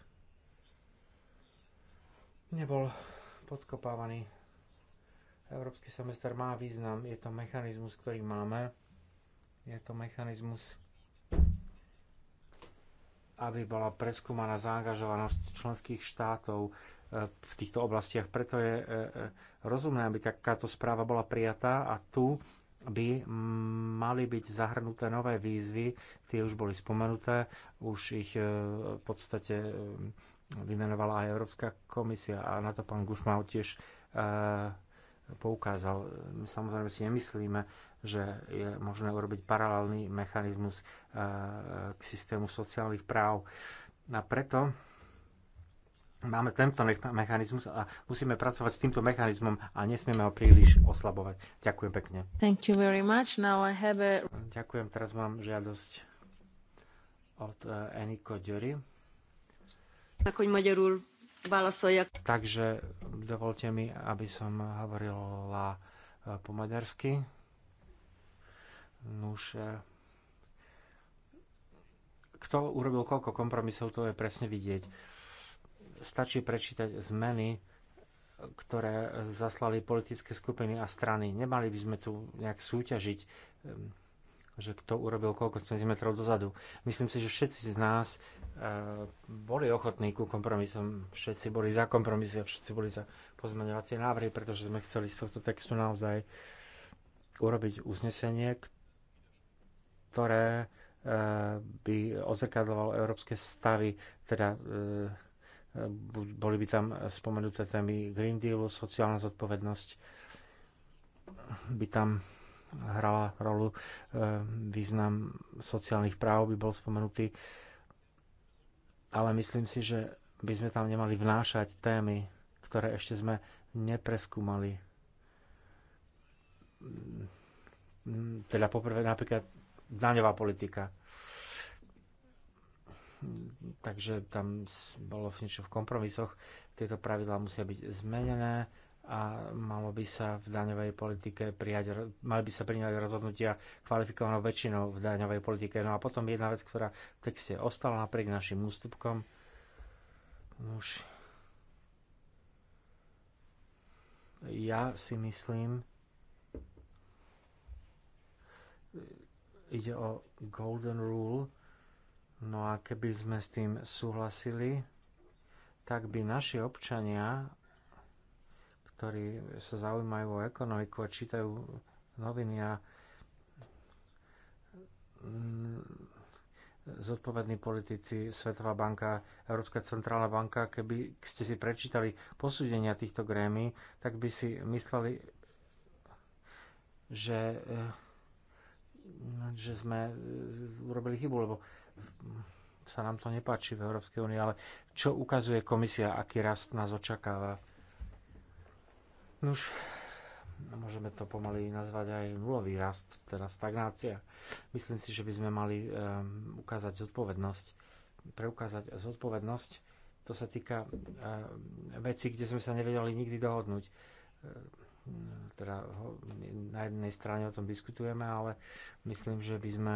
nebol podkopávaný. Európsky semester má význam, je to mechanizmus, ktorý máme, je to mechanizmus, aby bola preskúmaná zaangažovanosť členských štátov v týchto oblastiach. Preto je e, e, rozumné, aby takáto správa bola prijatá a tu by mali byť zahrnuté nové výzvy, tie už boli spomenuté, už ich e, v podstate vymenovala aj Európska komisia a na to pán Gušmau tiež poukázal. My samozrejme si nemyslíme, že je možné urobiť paralelný mechanizmus k systému sociálnych práv. A preto máme tento mechanizmus a musíme pracovať s týmto mechanizmom a nesmieme ho príliš oslabovať. Ďakujem pekne. Thank you very much. Now I have a... Ďakujem, teraz mám žiadosť od eh, Eniko Dury. Takže dovolte mi, aby som hovorila eh, po maďarsky. Nuž, eh, kto urobil koľko kompromisov, to je presne vidieť stačí prečítať zmeny, ktoré zaslali politické skupiny a strany. Nemali by sme tu nejak súťažiť, že kto urobil koľko centimetrov dozadu. Myslím si, že všetci z nás eh, boli ochotní ku kompromisom, všetci boli za kompromisy a všetci boli za pozmeňovacie návrhy, pretože sme chceli z tohto textu naozaj urobiť uznesenie, ktoré eh, by odzrkadlovalo európske stavy, teda eh, boli by tam spomenuté témy Green Deal, sociálna zodpovednosť by tam hrala rolu, e, význam sociálnych práv by bol spomenutý, ale myslím si, že by sme tam nemali vnášať témy, ktoré ešte sme nepreskúmali. Teda poprvé napríklad daňová politika takže tam bolo niečo v kompromisoch. Tieto pravidlá musia byť zmenené a malo by sa v daňovej politike prijať, mali by sa prijať rozhodnutia kvalifikovanou väčšinou v daňovej politike. No a potom jedna vec, ktorá v texte ostala napriek našim ústupkom, no už ja si myslím, e, ide o golden rule, No a keby sme s tým súhlasili, tak by naši občania, ktorí sa zaujímajú o ekonomiku a čítajú noviny a mm, zodpovední politici, Svetová banka, Európska centrálna banka, keby ste si prečítali posúdenia týchto grémy, tak by si mysleli, že, eh, že sme eh, urobili chybu, lebo sa nám to nepáči v Európskej únii, ale čo ukazuje komisia, aký rast nás očakáva? Nuž, môžeme to pomaly nazvať aj nulový rast, teda stagnácia. Myslím si, že by sme mali um, ukázať zodpovednosť, preukázať zodpovednosť. To sa týka uh, ehm, vecí, kde sme sa nevedeli nikdy dohodnúť. Uh, teda ho, na jednej strane o tom diskutujeme, ale myslím, že by sme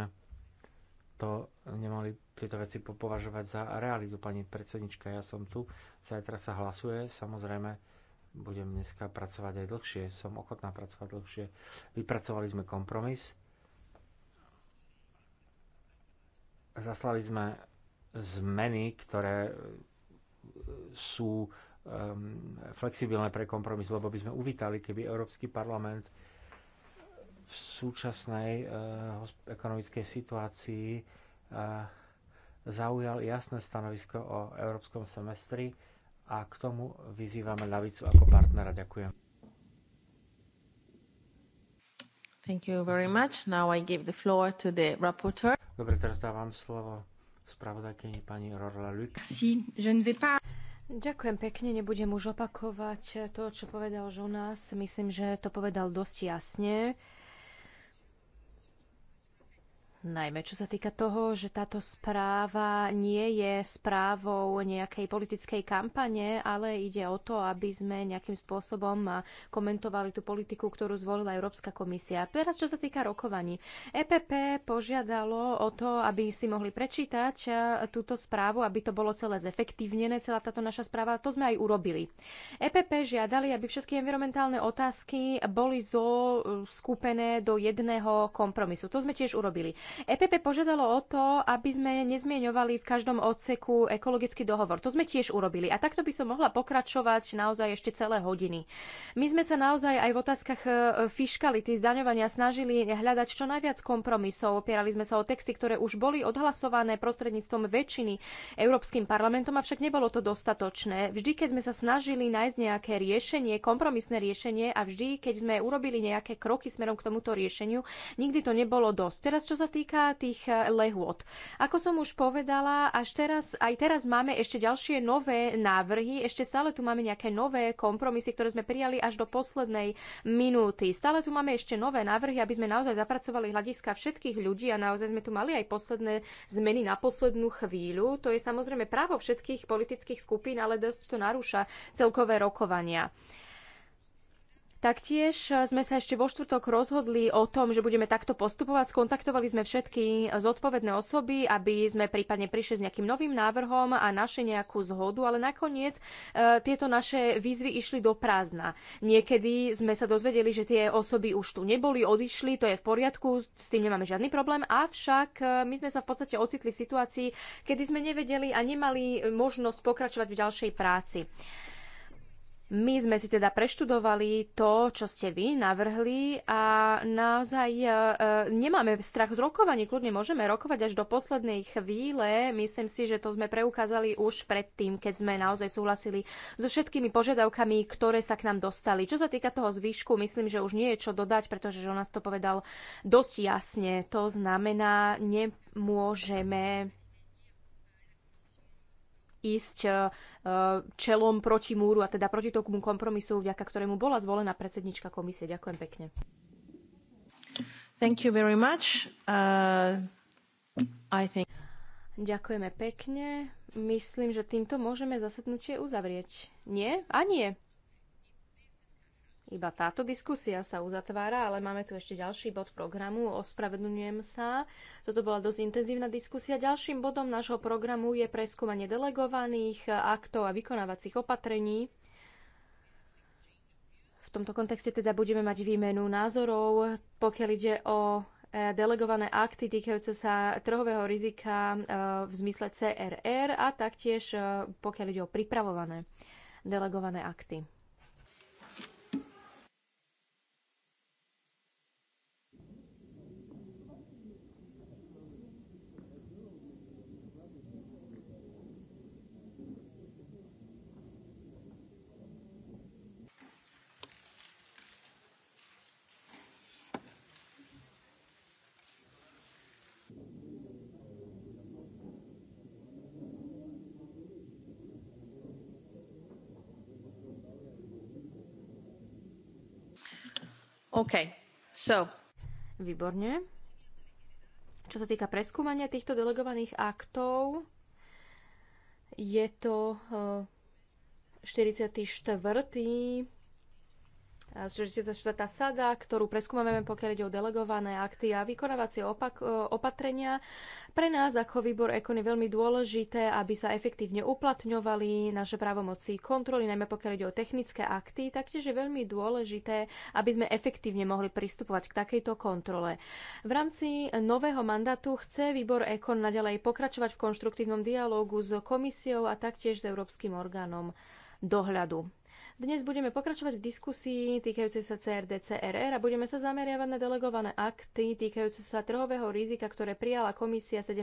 to nemali tieto veci považovať za realitu, pani predsednička. Ja som tu, zajtra sa hlasuje, samozrejme budem dneska pracovať aj dlhšie, som ochotná pracovať dlhšie. Vypracovali sme kompromis, zaslali sme zmeny, ktoré e, sú um, flexibilné pre kompromis, lebo by sme uvítali, keby Európsky parlament v súčasnej eh, ekonomickej situácii eh, zaujal jasné stanovisko o európskom semestri a k tomu vyzývame ľavicu ako partnera. Ďakujem. Thank you very much. Now I give the floor to the rapporteur. Dobre, teraz dávam slovo spravodajkyni pani Rorla Luc. Si, je ne vais pas... Ďakujem pekne, nebudem už opakovať to, čo povedal Jonas. Myslím, že to povedal dosť jasne najmä čo sa týka toho, že táto správa nie je správou nejakej politickej kampane, ale ide o to, aby sme nejakým spôsobom komentovali tú politiku, ktorú zvolila Európska komisia. Teraz, čo sa týka rokovaní. EPP požiadalo o to, aby si mohli prečítať e, túto správu, aby to bolo celé zefektívnené, celá táto naša správa. To sme aj urobili. EPP žiadali, aby všetky environmentálne otázky boli zo e, skupené do jedného kompromisu. To sme tiež urobili. EPP požiadalo o to, aby sme nezmieňovali v každom odseku ekologický dohovor. To sme tiež urobili. A takto by som mohla pokračovať naozaj ešte celé hodiny. My sme sa naozaj aj v otázkach e, fiškality, zdaňovania snažili hľadať čo najviac kompromisov. Opierali sme sa o texty, ktoré už boli odhlasované prostredníctvom väčšiny Európskym parlamentom, avšak nebolo to dostatočné. Vždy, keď sme sa snažili nájsť nejaké riešenie, kompromisné riešenie a vždy, keď sme urobili nejaké kroky smerom k tomuto riešeniu, nikdy to nebolo dosť. Teraz, čo sa tý týka tých e, lehôd. Ako som už povedala, až teraz, aj teraz máme ešte ďalšie nové návrhy, ešte stále tu máme nejaké nové kompromisy, ktoré sme prijali až do poslednej minúty. Stále tu máme ešte nové návrhy, aby sme naozaj zapracovali hľadiska všetkých ľudí a naozaj sme tu mali aj posledné zmeny na poslednú chvíľu. To je samozrejme právo všetkých politických skupín, ale dosť to narúša celkové rokovania. Taktiež e, sme sa ešte vo štvrtok rozhodli o tom, že budeme takto postupovať. Skontaktovali sme všetky zodpovedné osoby, aby sme prípadne prišli s nejakým novým návrhom a našli nejakú zhodu, ale nakoniec e, tieto naše výzvy išli do prázdna. Niekedy sme sa dozvedeli, že tie osoby už tu neboli, odišli, to je v poriadku, s tým nemáme žiadny problém, avšak e, my sme sa v podstate ocitli v situácii, kedy sme nevedeli a nemali možnosť pokračovať v ďalšej práci. My sme si teda preštudovali to, čo ste vy navrhli a naozaj e, e nemáme strach z rokovania. Kľudne môžeme rokovať až do poslednej chvíle. Myslím si, že to sme preukázali už predtým, keď sme naozaj súhlasili so všetkými požiadavkami, ktoré sa k nám dostali. Čo sa týka toho zvyšku, myslím, že už nie je čo dodať, pretože nás to povedal dosť jasne. To znamená, nemôžeme ísť e, čelom proti múru a teda proti tomu kompromisu, vďaka ktorému bola zvolená predsednička komisie. Ďakujem pekne. Thank you very much. Uh, I think... Ďakujeme pekne. Myslím, že týmto môžeme zasednutie uzavrieť. Nie? A nie. Iba táto diskusia sa uzatvára, ale máme tu ešte ďalší bod programu. Ospravedlňujem sa. Toto bola dosť intenzívna diskusia. Ďalším bodom nášho programu je preskúmanie delegovaných aktov a vykonávacích opatrení. V tomto kontexte teda budeme mať výmenu názorov, pokiaľ ide o e, delegované akty týkajúce sa trhového rizika e, v zmysle CRR a taktiež e, pokiaľ ide o pripravované delegované akty. Okay. so. Výborne. Čo sa týka preskúmania týchto delegovaných aktov, je to eh, 44. 64. sada, ktorú preskúmame, pokiaľ ide o delegované akty a vykonávacie opak, opatrenia. Pre nás ako výbor ekon je veľmi dôležité, aby sa efektívne uplatňovali naše právomoci kontroly, najmä pokiaľ ide o technické akty. Taktiež je veľmi dôležité, aby sme efektívne mohli pristupovať k takejto kontrole. V rámci nového mandátu chce výbor ekon naďalej pokračovať v konštruktívnom dialógu s komisiou a taktiež s európskym orgánom dohľadu. Dnes budeme pokračovať v diskusii týkajúcej sa CRD-CRR a budeme sa zameriavať na delegované akty týkajúce sa trhového rizika, ktoré prijala komisia 17.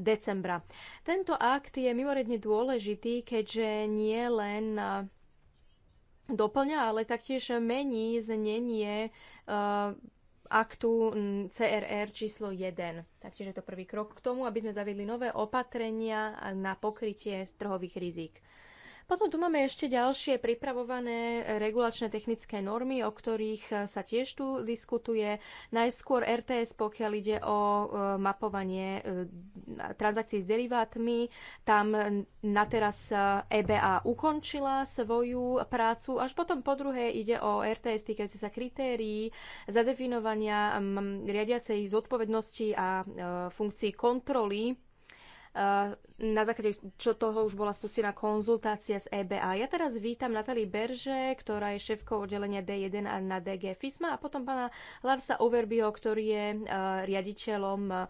decembra. Tento akt je mimoriadne dôležitý, keďže nie len doplňa, ale taktiež mení znenie e, aktu CRR číslo 1. Taktiež je to prvý krok k tomu, aby sme zaviedli nové opatrenia na pokrytie trhových rizik. Potom tu máme ešte ďalšie pripravované regulačné technické normy, o ktorých e, sa tiež tu diskutuje. Najskôr RTS, pokiaľ ide o e, mapovanie e, transakcií s derivátmi. Tam na teraz EBA ukončila svoju prácu. Až potom po druhé ide o RTS týkajúce sa kritérií zadefinovania riadiacej zodpovednosti a funkcií kontroly Eh, na základe čo toho už bola spustená konzultácia s EBA. Ja teraz vítam Natalie Berže, ktorá je šéfkou oddelenia D1 a na DG FISMA a potom pána Larsa Overbio, ktorý je eh, riaditeľom eh,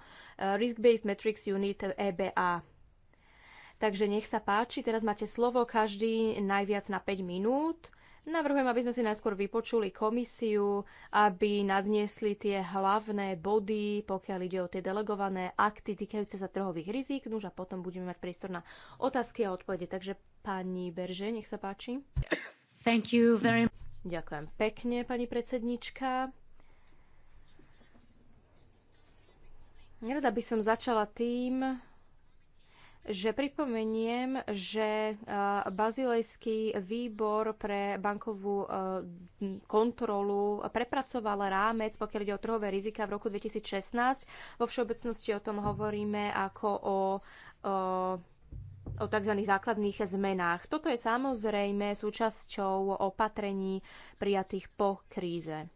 Risk-Based Metrics Unit EBA. Takže nech sa páči, teraz máte slovo každý najviac na 5 minút Navrhujem, aby sme si najskôr vypočuli komisiu, aby nadniesli tie hlavné body, pokiaľ ide o tie delegované akty týkajúce sa trhových rizík, nuž a potom budeme mať priestor na otázky a odpovede. Takže pani Berže, nech sa páči. Thank you very much. Ďakujem pekne, pani predsednička. Rada by som začala tým, že pripomeniem, že Bazilejský výbor pre bankovú kontrolu prepracoval rámec, pokiaľ ide o trhové rizika v roku 2016. Vo všeobecnosti o tom hovoríme ako o, o o tzv. základných zmenách. Toto je samozrejme súčasťou opatrení prijatých po kríze.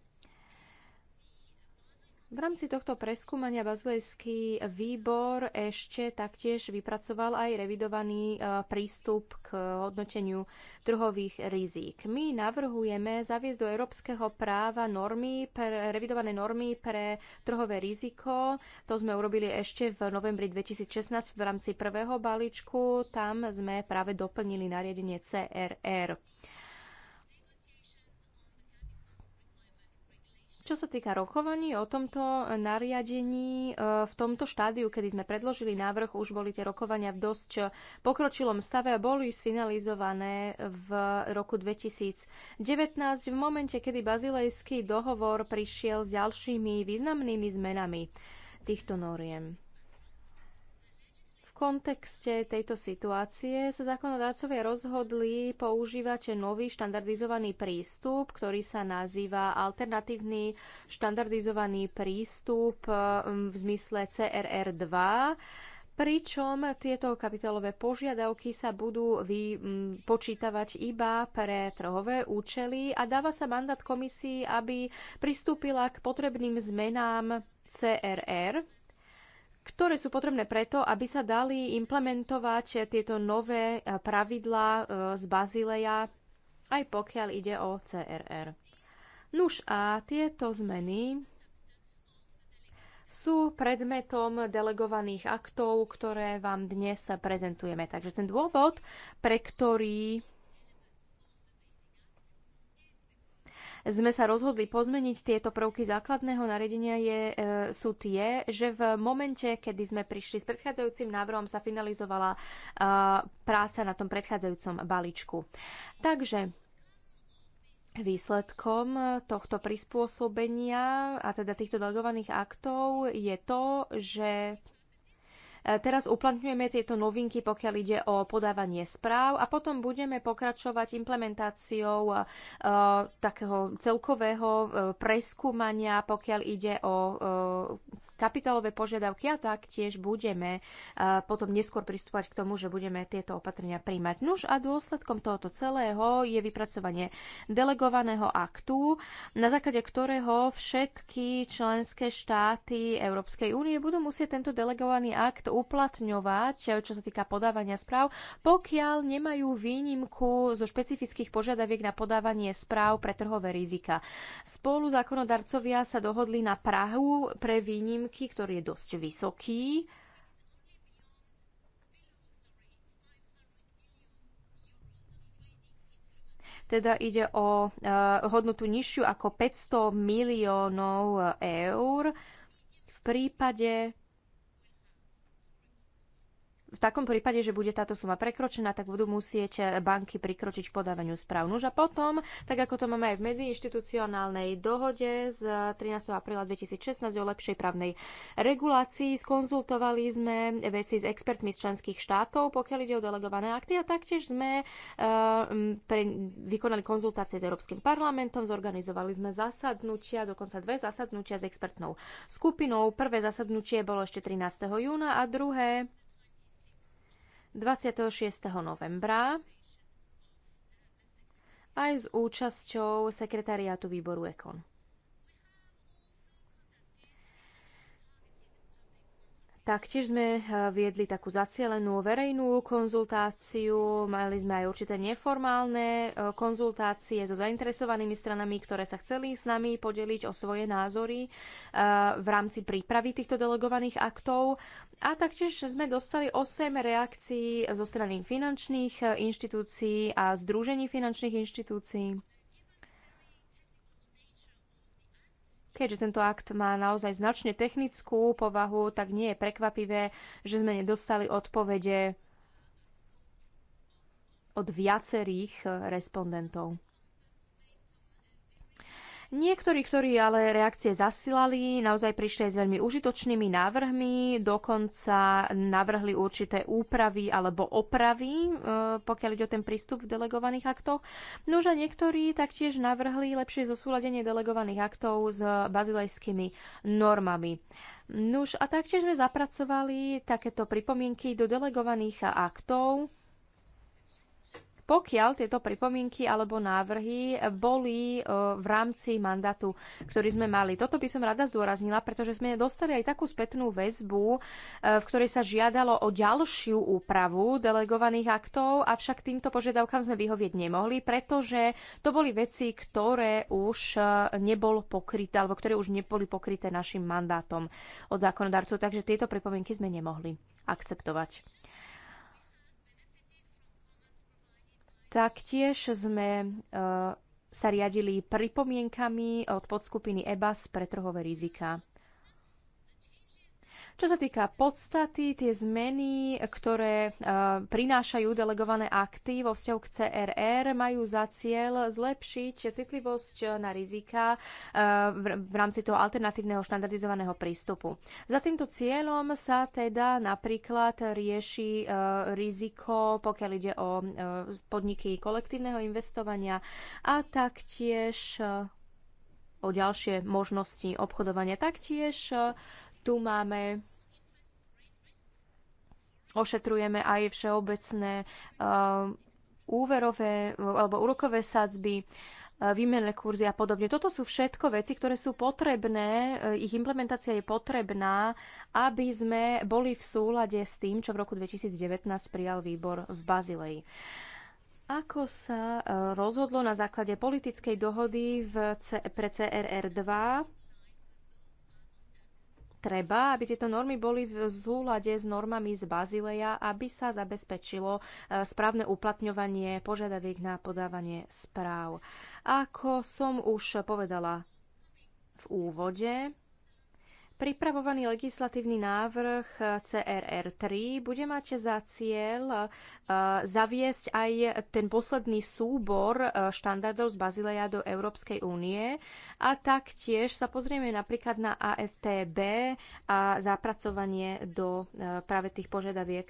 V rámci tohto preskúmania Bazilejský výbor ešte taktiež vypracoval aj revidovaný e, prístup k hodnoteniu trhových rizík. My navrhujeme zaviesť do európskeho práva normy pre, revidované normy pre trhové riziko. To sme urobili ešte v novembri 2016 v rámci prvého balíčku. Tam sme práve doplnili nariadenie CRR. Čo sa týka rokovaní o tomto nariadení, e, v tomto štádiu, kedy sme predložili návrh, už boli tie rokovania v dosť pokročilom stave a boli sfinalizované v roku 2019, v momente, kedy bazilejský dohovor prišiel s ďalšími významnými zmenami týchto noriem kontexte tejto situácie sa zákonodácovia rozhodli používať nový štandardizovaný prístup, ktorý sa nazýva alternatívny štandardizovaný prístup mm, v zmysle CRR2, pričom tieto kapitálové požiadavky sa budú vypočítavať mm, iba pre trhové účely a dáva sa mandát komisii, aby pristúpila k potrebným zmenám CRR, ktoré sú potrebné preto, aby sa dali implementovať tieto nové eh, pravidlá eh, z Bazileja, aj pokiaľ ide o CRR. Nuž a tieto zmeny sú predmetom delegovaných aktov, ktoré vám dnes prezentujeme. Takže ten dôvod, pre ktorý sme sa rozhodli pozmeniť tieto prvky základného nariadenia je, e, sú tie, že v momente, kedy sme prišli s predchádzajúcim návrhom, sa finalizovala e, práca na tom predchádzajúcom balíčku. Takže Výsledkom tohto prispôsobenia a teda týchto delegovaných aktov je to, že E, teraz uplatňujeme tieto novinky, pokiaľ ide o podávanie správ a potom budeme pokračovať implementáciou e, e, takého celkového preskúmania, pokiaľ ide o kapitálové požiadavky a tiež budeme e, potom neskôr pristúpať k tomu, že budeme tieto opatrenia príjmať. Nuž a dôsledkom tohoto celého je vypracovanie delegovaného aktu, na základe ktorého všetky členské štáty Európskej únie budú musieť tento delegovaný akt uplatňovať, čo sa týka podávania správ, pokiaľ nemajú výnimku zo špecifických požiadaviek na podávanie správ pre trhové rizika. Spolu zákonodarcovia sa dohodli na Prahu pre výnimku trojky, ktorý je dosť vysoký. Teda ide o uh, hodnotu nižšiu ako 500 miliónov eur v prípade v takom prípade, že bude táto suma prekročená, tak budú musieť e, banky prikročiť k podávaniu správ. Nuž a potom, tak ako to máme aj v medziinstitucionálnej dohode z 13. E, apríla 2016 o lepšej právnej regulácii, skonzultovali sme veci s expertmi z členských štátov, pokiaľ ide o delegované akty a taktiež sme uh, pre, vykonali konzultácie s Európskym parlamentom, zorganizovali sme zasadnutia, dokonca dve zasadnutia s expertnou skupinou. Prvé zasadnutie bolo ešte 13. júna a druhé 26. novembra aj s účasťou sekretariátu výboru EKON. Taktiež sme eh, viedli takú zacielenú verejnú konzultáciu, mali sme aj určité neformálne eh, konzultácie so zainteresovanými stranami, ktoré sa chceli s nami podeliť o svoje názory eh, v rámci prípravy týchto delegovaných aktov. A taktiež sme dostali 8 reakcií zo strany finančných inštitúcií a združení finančných inštitúcií. Keďže tento akt má naozaj značne technickú povahu, tak nie je prekvapivé, že sme nedostali odpovede od viacerých respondentov. Niektorí, ktorí ale reakcie zasilali, naozaj prišli aj s veľmi užitočnými návrhmi, dokonca navrhli určité úpravy alebo opravy, e, pokiaľ ide o ten prístup v delegovaných aktoch. No a niektorí taktiež navrhli lepšie zosúladenie delegovaných aktov s bazilejskými normami. Nuž a taktiež sme zapracovali takéto pripomienky do delegovaných aktov, pokiaľ tieto pripomienky alebo návrhy boli e, v rámci mandátu, ktorý sme mali. Toto by som rada zdôraznila, pretože sme dostali aj takú spätnú väzbu, e, v ktorej sa žiadalo o ďalšiu úpravu delegovaných aktov, avšak týmto požiadavkám sme vyhovieť nemohli, pretože to boli veci, ktoré už e, nebol pokryté, alebo ktoré už neboli pokryté našim mandátom od zákonodarcov, takže tieto pripomienky sme nemohli akceptovať. Taktiež sme eh, sa riadili pripomienkami od podskupiny EBAS pre trhové rizika. Čo sa týka podstaty, tie zmeny, ktoré e, prinášajú delegované akty vo vzťahu k CRR, majú za cieľ zlepšiť citlivosť na rizika e, v, v rámci toho alternatívneho štandardizovaného prístupu. Za týmto cieľom sa teda napríklad rieši e, riziko, pokiaľ ide o podniky kolektívneho investovania a taktiež o ďalšie možnosti obchodovania. Taktiež tu máme ošetrujeme aj všeobecné uh, úverové alebo úrokové sadzby, uh, výmenné kurzy a podobne. Toto sú všetko veci, ktoré sú potrebné, uh, ich implementácia je potrebná, aby sme boli v súlade s tým, čo v roku 2019 prijal výbor v Bazileji. Ako sa uh, rozhodlo na základe politickej dohody v C- pre CRR2, treba, aby tieto normy boli v zúlade s normami z Bazileja, aby sa zabezpečilo e, správne uplatňovanie požiadaviek na podávanie správ. Ako som už povedala v úvode, Pripravovaný legislatívny návrh eh, CRR3 bude mať za cieľ eh, zaviesť aj ten posledný súbor eh, štandardov z Bazileja do Európskej únie a taktiež sa pozrieme napríklad na AFTB a zapracovanie do práve tých požiadaviek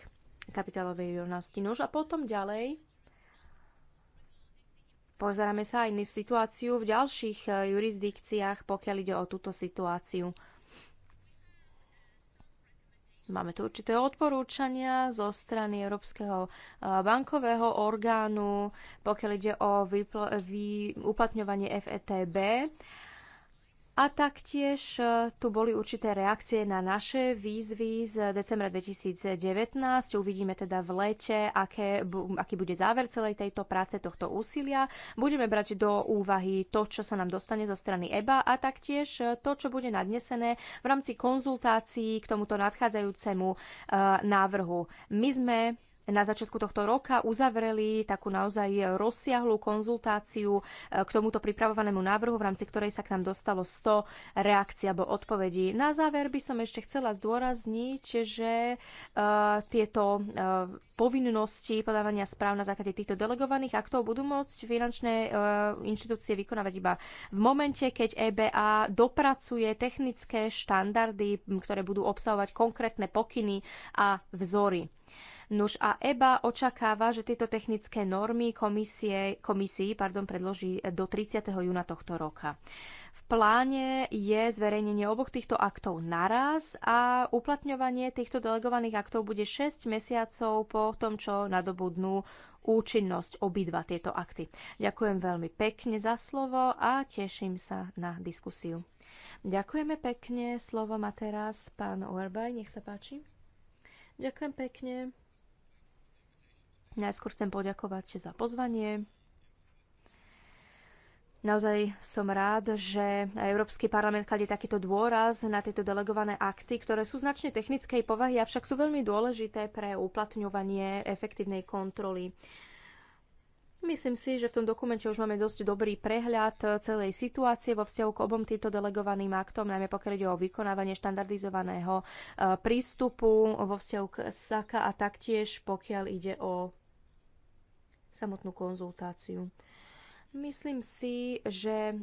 kapitálovej rovnosti. Nož a potom ďalej Pozeráme sa aj na situáciu v ďalších jurisdikciách, pokiaľ ide o túto situáciu. Máme tu určité odporúčania zo strany Európskeho bankového orgánu, pokiaľ ide o uplatňovanie FETB a taktiež e, tu boli určité reakcie na naše výzvy z decembra 2019. Uvidíme teda v lete, aké, aký bude záver celej tejto práce, tohto úsilia. Budeme brať do úvahy to, čo sa nám dostane zo strany EBA a taktiež e, to, čo bude nadnesené v rámci konzultácií k tomuto nadchádzajúcemu e, návrhu. My sme na začiatku tohto roka uzavreli takú naozaj rozsiahlú konzultáciu e, k tomuto pripravovanému návrhu, v rámci ktorej sa k nám dostalo 100 reakcií alebo odpovedí. Na záver by som ešte chcela zdôrazniť, že e, tieto e, povinnosti podávania správ na základe týchto delegovaných aktov budú môcť finančné inštitúcie vykonávať iba v momente, keď EBA dopracuje technické štandardy, ktoré budú obsahovať konkrétne pokyny a vzory. Nuž a EBA očakáva, že tieto technické normy komisie, komisii pardon, predloží do 30. júna tohto roka. V pláne je zverejnenie oboch týchto aktov naraz a uplatňovanie týchto delegovaných aktov bude 6 mesiacov po tom, čo nadobudnú účinnosť obidva tieto akty. Ďakujem veľmi pekne za slovo a teším sa na diskusiu. Ďakujeme pekne. Slovo má teraz pán Urbaj. Nech sa páči. Ďakujem pekne. Najskôr chcem poďakovať za pozvanie. Naozaj som rád, že Európsky parlament kladie takýto dôraz na tieto delegované akty, ktoré sú značne technickej povahy, avšak sú veľmi dôležité pre uplatňovanie efektívnej kontroly. Myslím si, že v tom dokumente už máme dosť dobrý prehľad celej situácie vo vzťahu k obom týmto delegovaným aktom, najmä pokiaľ ide o vykonávanie štandardizovaného eh, prístupu vo vzťahu k SAKA a taktiež pokiaľ ide o samotnú konzultáciu. Myslím si, že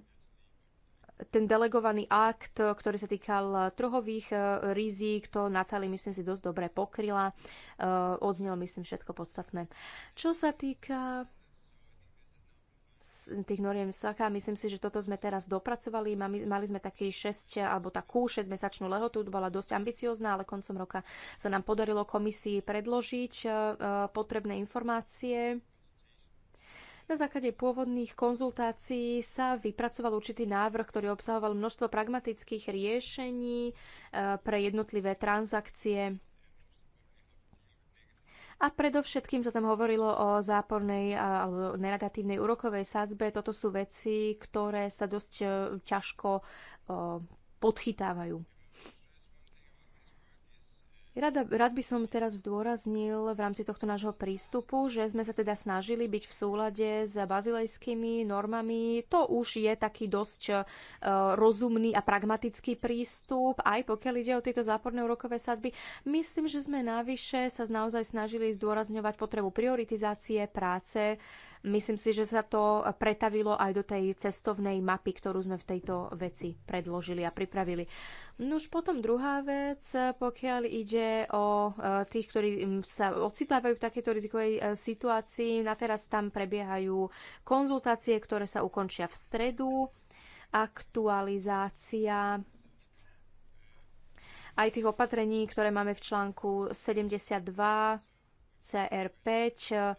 ten delegovaný akt, ktorý sa týkal trhových e, rizík, to Natália myslím si dosť dobre pokryla. E, Odznel myslím všetko podstatné. Čo sa týka tých noriem saka. Myslím si, že toto sme teraz dopracovali. Mali sme taký 6 alebo takú 6 mesačnú lehotu, bola dosť ambiciozná, ale koncom roka sa nám podarilo komisii predložiť e, potrebné informácie na základe pôvodných konzultácií sa vypracoval určitý návrh, ktorý obsahoval množstvo pragmatických riešení e, pre jednotlivé transakcie. A predovšetkým sa tam hovorilo o zápornej alebo negatívnej úrokovej sadzbe. Toto sú veci, ktoré sa dosť e, ťažko podchytávajú. Rada, rád by som teraz zdôraznil v rámci tohto nášho prístupu, že sme sa teda snažili byť v súlade s bazilejskými normami. To už je taký dosť uh, rozumný a pragmatický prístup, aj pokiaľ ide o tieto záporné úrokové sadzby. Myslím, že sme navyše sa naozaj snažili zdôrazňovať potrebu prioritizácie práce uh, Myslím si, že sa to pretavilo aj do tej cestovnej mapy, ktorú sme v tejto veci predložili a pripravili. No už potom druhá vec, pokiaľ ide o e, tých, ktorí sa ocitávajú v takejto rizikovej e, situácii, na teraz tam prebiehajú konzultácie, ktoré sa ukončia v stredu, aktualizácia aj tých opatrení, ktoré máme v článku 72 CR5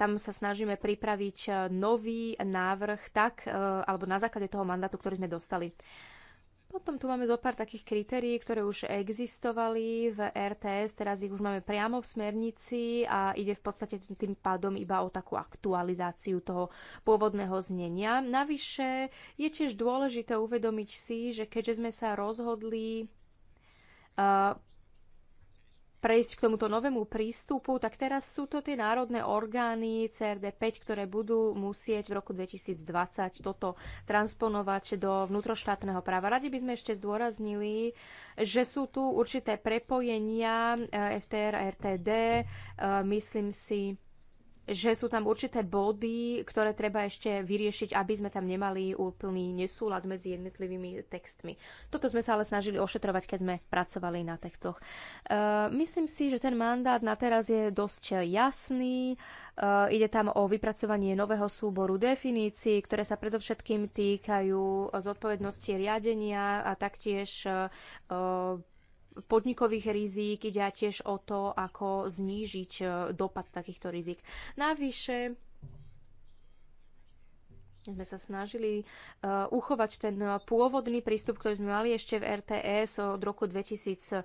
tam sa snažíme pripraviť e, nový návrh tak, e, alebo na základe toho mandátu, ktorý sme dostali. Potom tu máme zo pár takých kritérií, ktoré už existovali v RTS, teraz ich už máme priamo v smernici a ide v podstate tým pádom iba o takú aktualizáciu toho pôvodného znenia. Navyše je tiež dôležité uvedomiť si, že keďže sme sa rozhodli e, prejsť k tomuto novému prístupu, tak teraz sú to tie národné orgány CRD5, ktoré budú musieť v roku 2020 toto transponovať do vnútroštátneho práva. Radi by sme ešte zdôraznili, že sú tu určité prepojenia e, FTR a RTD. E, myslím si, že sú tam určité body, ktoré treba ešte vyriešiť, aby sme tam nemali úplný nesúlad medzi jednotlivými textmi. Toto sme sa ale snažili ošetrovať, keď sme pracovali na textoch. Uh, myslím si, že ten mandát na teraz je dosť jasný. Uh, ide tam o vypracovanie nového súboru definícií, ktoré sa predovšetkým týkajú zodpovednosti riadenia a taktiež uh, podnikových rizík, ide tiež o to, ako znížiť e, dopad takýchto rizik. Navyše sme sa snažili uh, uchovať ten pôvodný prístup, ktorý sme mali ešte v RTS od roku 2014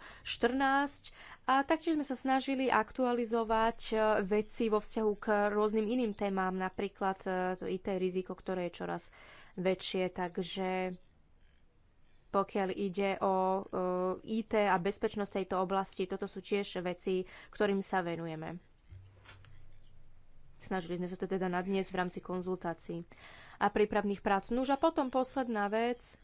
a taktiež sme sa snažili aktualizovať uh, veci vo vzťahu k rôznym iným témam, napríklad uh, to IT riziko, ktoré je čoraz väčšie, takže pokiaľ ide o IT a bezpečnosť tejto oblasti. Toto sú tiež veci, ktorým sa venujeme. Snažili sme sa to teda na dnes v rámci konzultácií a prípravných prác. už a potom posledná vec,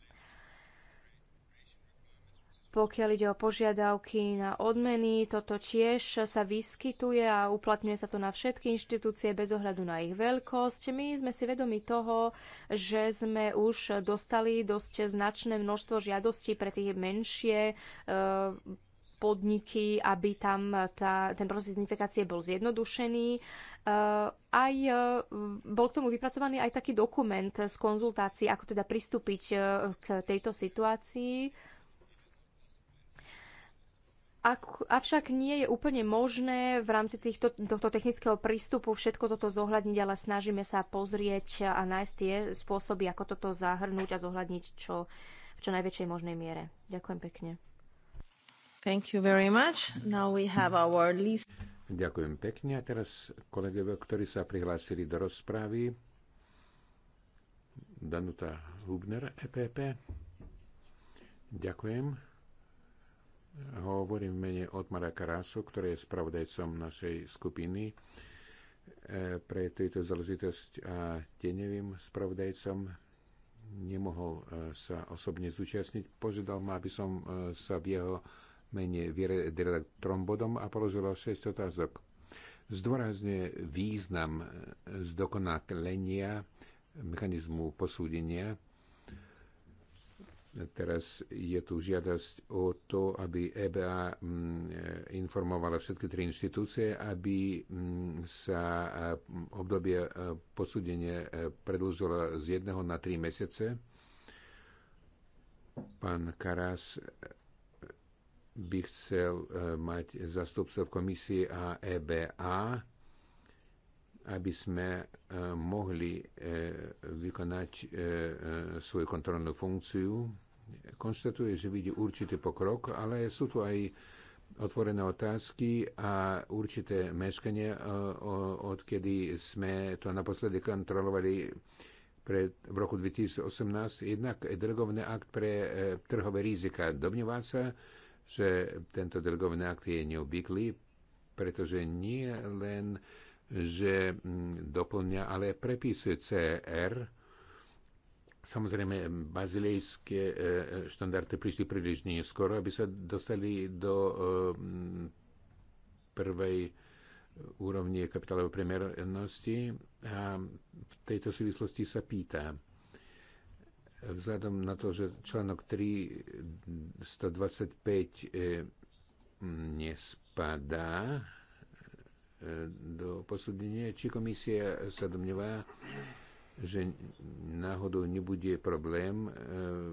pokiaľ ide o požiadavky na odmeny, toto tiež sa vyskytuje a uplatňuje sa to na všetky inštitúcie bez ohľadu na ich veľkosť. My sme si vedomi toho, že sme už dostali dosť značné množstvo žiadostí pre tie menšie e, podniky, aby tam tá, ten proces identifikácie bol zjednodušený. E, aj e, bol k tomu vypracovaný aj taký dokument z konzultácií, ako teda pristúpiť e, k tejto situácii ak, avšak nie je úplne možné v rámci týchto, tohto technického prístupu všetko toto zohľadniť, ale snažíme sa pozrieť a nájsť tie spôsoby, ako toto zahrnúť a zohľadniť čo, v čo najväčšej možnej miere. Ďakujem pekne. Thank you very much. Now we have our list. Ďakujem pekne. A teraz kolegovia, ktorí sa prihlásili do rozprávy. Danuta Hubner, EPP. Ďakujem. Hovorím v mene Otmara Karasu, ktorý je spravodajcom našej skupiny e, pre tejto záležitosť a tenevým spravodajcom nemohol e, sa osobne zúčastniť. Požiadal ma, aby som e, sa v jeho mene vyredil trombodom a položil 6 otázok. Zdôrazne význam zdokonalenia mechanizmu posúdenia Teraz je tu žiadosť o to, aby EBA mm, informovala všetky tri inštitúcie, aby mm, sa e, obdobie e, posúdenia e, predlžilo z jedného na tri mesiace. Pán Karas by chcel mať zastupcov komisie a EBA aby sme e, mohli e, vykonať e, svoju kontrolnú funkciu. Konštatuje, že vidí určitý pokrok, ale sú tu aj otvorené otázky a určité meškanie, odkedy sme to naposledy kontrolovali pred, v roku 2018, jednak delegovaný akt pre trhové rizika. Domnievá sa, že tento delegovaný akt je neobvyklý, pretože nie len e, že mm, doplňa, ale prepisuje CR. Samozrejme, bazilejské e, štandardy prišli príliš neskoro, aby sa dostali do e, prvej úrovne kapitálovej premernosti. A v tejto súvislosti sa pýta, vzhľadom na to, že článok 3 125 e, nespadá do posúdenia, či komisia sa domnieva, že náhodou nebude problém e,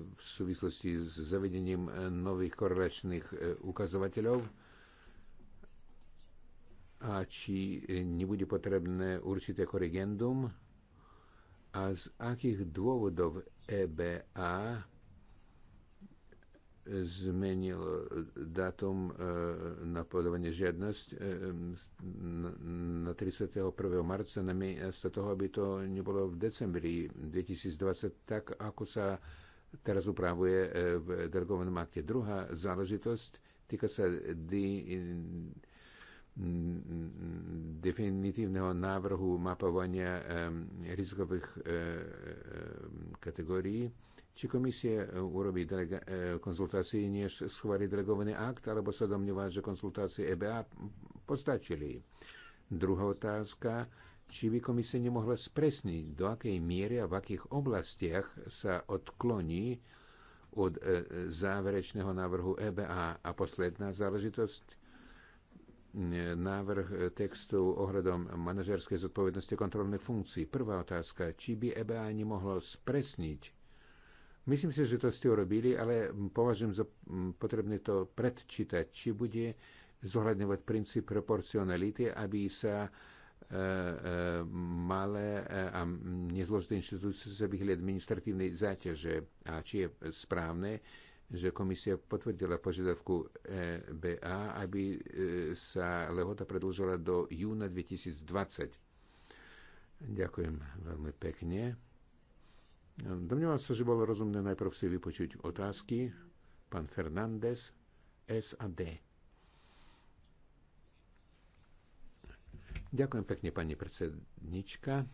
v súvislosti s zavedením nových korelačných e, ukazovateľov a či nebude potrebné určité korrigendum a z akých dôvodov EBA zmenilo e, datum e, na podávanie žiadnosť e, na 31. marca namiesto toho, aby to nebolo v decembri 2020, tak ako sa teraz upravuje v delegovanom akte. Druhá záležitosť týka sa di, definitívneho návrhu mapovania rizikových kategórií či Komisie e, urobí delega- e, konzultácii, než schváli delegovaný akt, alebo sa domnievá, že konzultácie EBA postačili. Druhá otázka, či by Komisie nemohla spresniť, do akej miery a v akých oblastiach sa odkloní od e, záverečného návrhu EBA. A posledná záležitosť, návrh textu ohľadom manažerskej zodpovednosti kontrolnej funkcii. Prvá otázka, či by EBA nemohlo spresniť Myslím si, že to ste urobili, ale považujem za potrebné to predčítať, či bude zohľadňovať princíp proporcionality, aby sa e, e, malé e, a nezložité inštitúcie sa vyhli administratívnej záťaže a či je správne, že komisia potvrdila požiadavku BA, aby sa lehota predlžila do júna 2020. Ďakujem veľmi pekne. Domnívam sa, že bolo rozumné najprv si vypočuť otázky. Pán Fernández, S a D. Ďakujem pekne, pani predsednička.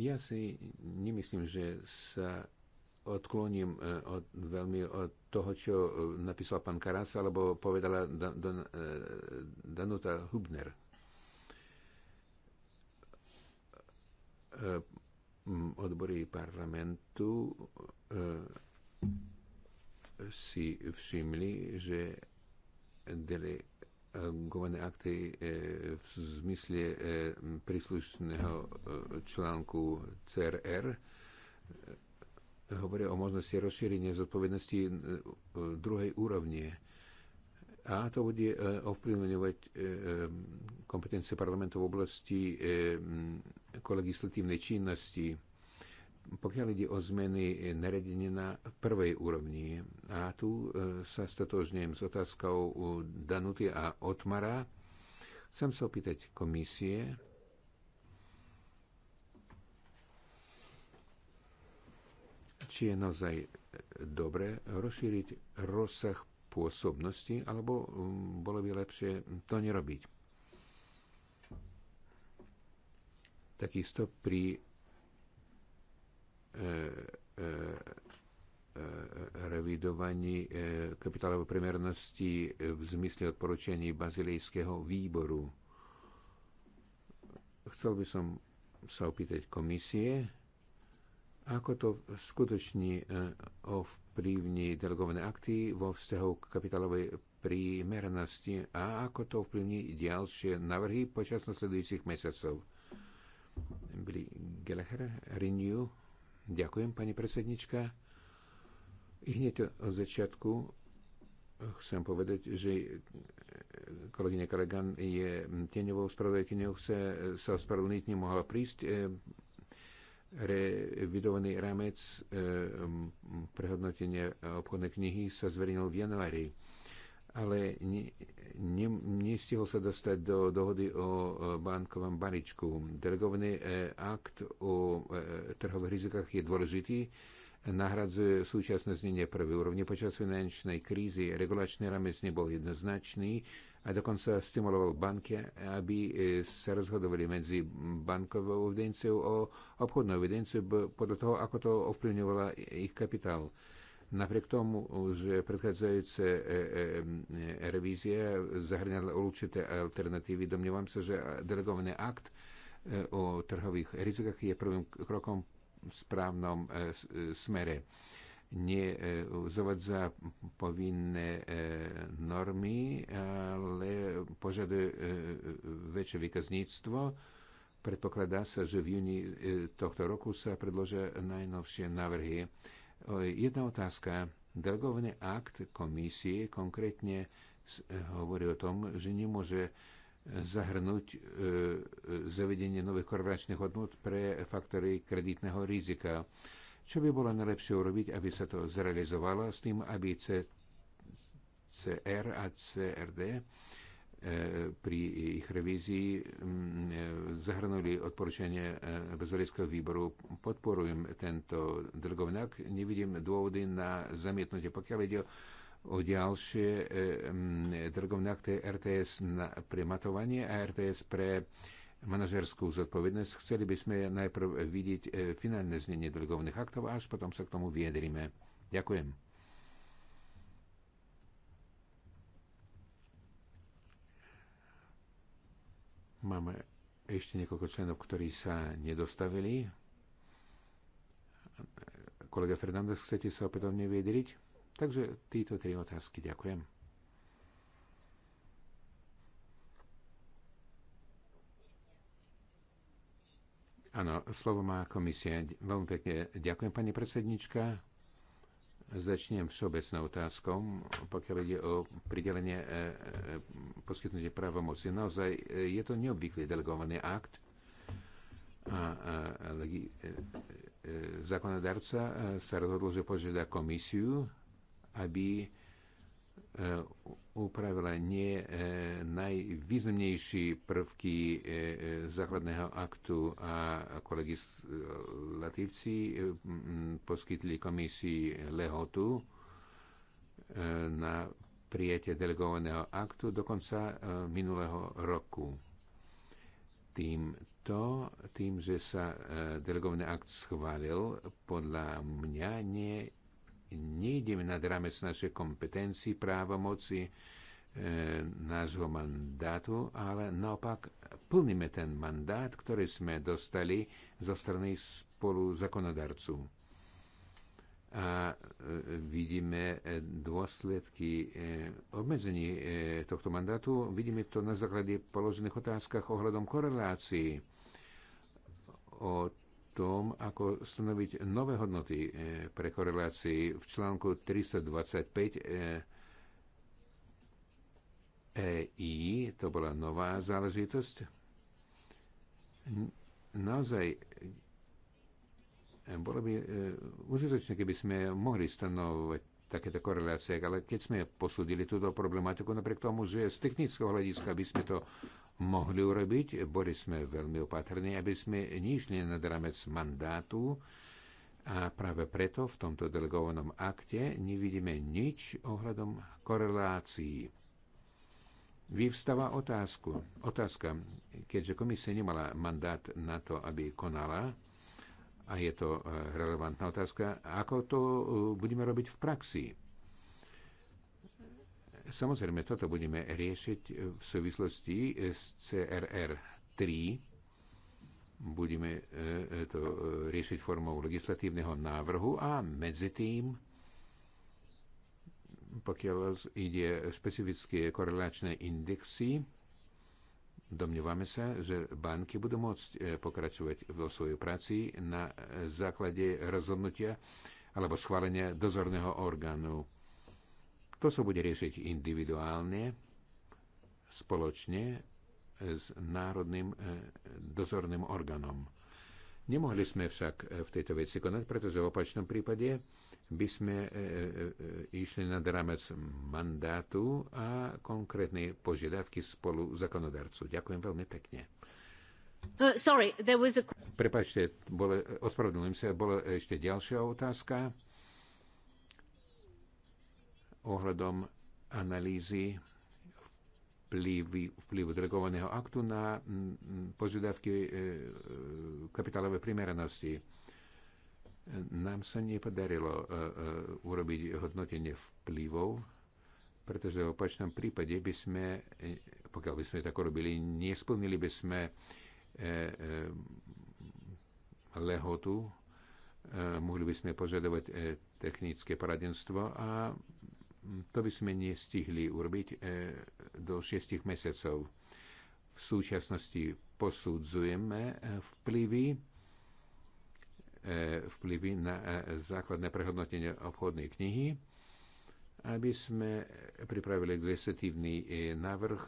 Ja si nemyslím, že sa odkloním e, od, veľmi od toho, čo e, napísal pán Karas, alebo povedala Dan, Dan, e, Danuta Hubner. Odbory parlamentu si všimli, že delegované akty v zmysle príslušného článku CRR hovoria o možnosti rozšírenia zodpovednosti e, e, druhej úrovne. A to bude e, ovplyvňovať kompetencie parlamentu v oblasti kolegislatívnej činnosti, pokiaľ ide o zmeny naredenia na prvej úrovni. A tu sa stotožňujem s otázkou Danuty a Otmara. Chcem sa opýtať komisie, či je naozaj dobré rozšíriť rozsah pôsobnosti, alebo um, bolo by lepšie to nerobiť. Takisto pri e, e, e revidovaní e, kapitálovej primernosti v zmysle odporučení Bazilejského výboru. Chcel by som sa opýtať komisie, ako to skutočne e, ovplyvní delegované akty vo vzťahu k kapitálovej prímernosti a ako to ovplyvní ďalšie návrhy počas nasledujúcich mesiacov? Billy Gallagher, Renew. Ďakujem, pani predsednička. I hneď od začiatku chcem povedať, že kolegyňa Karagan je tieňovou spravodajkyňou, chce sa ospravedlniť, nemohla prísť. E, revidovaný rámec eh, prehodnotenia obchodnej knihy sa zverejnil v januári, ale ne, ne, nestihol sa dostať do dohody o eh, bankovom baričku. Delegovaný eh, akt o trhových rizikách je dôležitý, nahradzuje súčasné znenie prvej úrovne. Počas finančnej krízy regulačný rámec nebol jednoznačný, a dokonca stimuloval banky, aby e, sa rozhodovali medzi bankovou evidenciou a obchodnou evidenciou podľa toho, ako to ovplyvňovala ich kapitál. Napriek tomu, že predchádzajúce e, e, revízie zahrňala určité alternatívy, domnievam sa, že delegovaný akt o trhových rizikách je prvým krokom v správnom smere nezavadza povinné e, normy, ale požaduje e, väčšie výkazníctvo. Predpokladá sa, že v júni e, tohto roku sa predložia najnovšie návrhy. Jedna otázka. Delegovaný akt komisie konkrétne hovorí o tom, že nemôže zahrnúť zavedenie nových korporačných hodnot pre faktory kreditného rizika. Čo by bolo najlepšie urobiť, aby sa to zrealizovalo s tým, aby C, CR a CRD e, pri ich revízii e, zahrnuli odporúčanie e, Bezorejského výboru. Podporujem tento delegovaný Nevidím dôvody na zamietnutie, pokiaľ ide o ďalšie to je RTS na, pre matovanie a RTS pre manažerskú zodpovednosť. Chceli by sme najprv vidieť e, finálne znenie delegovaných aktov a až potom sa k tomu vyjadrime. Ďakujem. Máme ešte niekoľko členov, ktorí sa nedostavili. Kolega Fernández, chcete sa opätovne vyjadriť? Takže títo tri otázky. Ďakujem. Áno, slovo má komisia. Veľmi pekne ďakujem, pani predsednička. Začnem všeobecnou otázkou, pokiaľ ide o pridelenie e, e, poskytnutie právomoci. Naozaj e, je to neobvyklý delegovaný akt a, a, a e, e, zákonodarca e, sa rozhodol, že požiada komisiu, aby E, upravila nie e, najvýznamnejší prvky e, základného aktu a kolegislatívci poskytli komisii lehotu na prijatie delegovaného aktu do konca minulého roku. Týmto, tým, že sa delegovaný akt schválil, podľa mňa nie nejdeme nad rámec našej kompetencii, právomoci, e, nášho mandátu, ale naopak plníme ten mandát, ktorý sme dostali zo strany spolu zakonodarcu. A e, vidíme e, dôsledky e, obmedzení tohto mandátu, vidíme to na základe položených otázkach ohľadom korelácií od tom, ako stanoviť nové hodnoty eh, pre korelácii v článku 325 EI, eh, e to bola nová záležitosť. Naozaj eh, bolo by užitočné, keby sme mohli stanovať takéto korelácie, ale keď sme posúdili túto problematiku, napriek tomu, že z technického hľadiska by sme to mohli urobiť. Boli sme veľmi opatrní, aby sme nižli nad rámec mandátu a práve preto v tomto delegovanom akte nevidíme nič ohľadom korelácií. Vyvstáva otázku, otázka, keďže komisia nemala mandát na to, aby konala, a je to eh, relevantná otázka, ako to eh, budeme robiť v praxi. Samozrejme, toto budeme riešiť v súvislosti s CRR 3. Budeme e, e, to e, riešiť formou legislatívneho návrhu a medzi tým, pokiaľ ide špecifické korelačné indexy, Domnievame sa, že banky budú môcť pokračovať vo svojej práci na základe rozhodnutia alebo schválenia dozorného orgánu to sa bude riešiť individuálne, spoločne s národným e, dozorným orgánom. Nemohli sme však e, v tejto veci konať, pretože v opačnom prípade by sme e, išli nad rámec mandátu a konkrétne požiadavky spolu zákonodarcu. Ďakujem veľmi pekne. Uh, sorry, there was a... Prepačte, bolo, ospravedlňujem sa, bola ešte ďalšia otázka ohľadom analýzy vplyvu delegovaného aktu na požiadavky e, e, kapitálovej primeranosti. Nám sa nepodarilo e, urobiť hodnotenie vplyvov, pretože v opačnom prípade by sme, pokiaľ by sme tak robili, nesplnili by sme lehotu, mohli by sme požadovať technické poradenstvo a to by sme nestihli urobiť e, do šiestich mesiacov. V súčasnosti posudzujeme e, vplyvy e, vplyvy na základné prehodnotenie obchodnej knihy, aby sme pripravili legislatívny návrh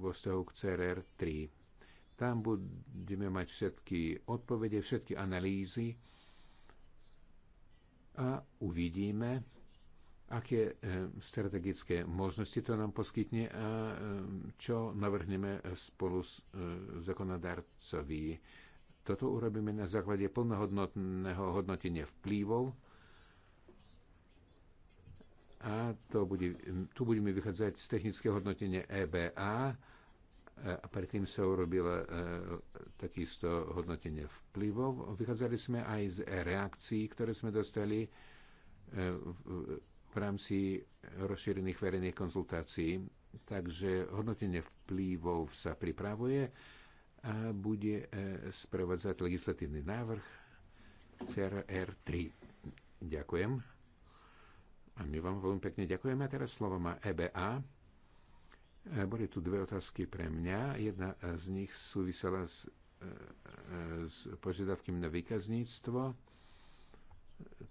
vo vzťahu k CRR 3. Tam budeme mať všetky odpovede, všetky analýzy a uvidíme, aké e, strategické možnosti to nám poskytne a e, čo navrhneme spolu s e, zákonodárcovi. Toto urobíme na základe plnohodnotného hodnotenia vplyvov a to bude, tu budeme vychádzať z technického hodnotenia EBA a predtým sa urobilo takisto hodnotenie vplyvov. Vychádzali sme aj z reakcií, ktoré sme dostali v rámci rozšírených verejných konzultácií. Takže hodnotenie vplyvov sa pripravuje a bude e, sprevádzať legislatívny návrh CRR3. Ďakujem. A my vám veľmi pekne ďakujeme. A teraz slovo má EBA. E, boli tu dve otázky pre mňa. Jedna z nich súvisela s, e, s požiadavkami na výkazníctvo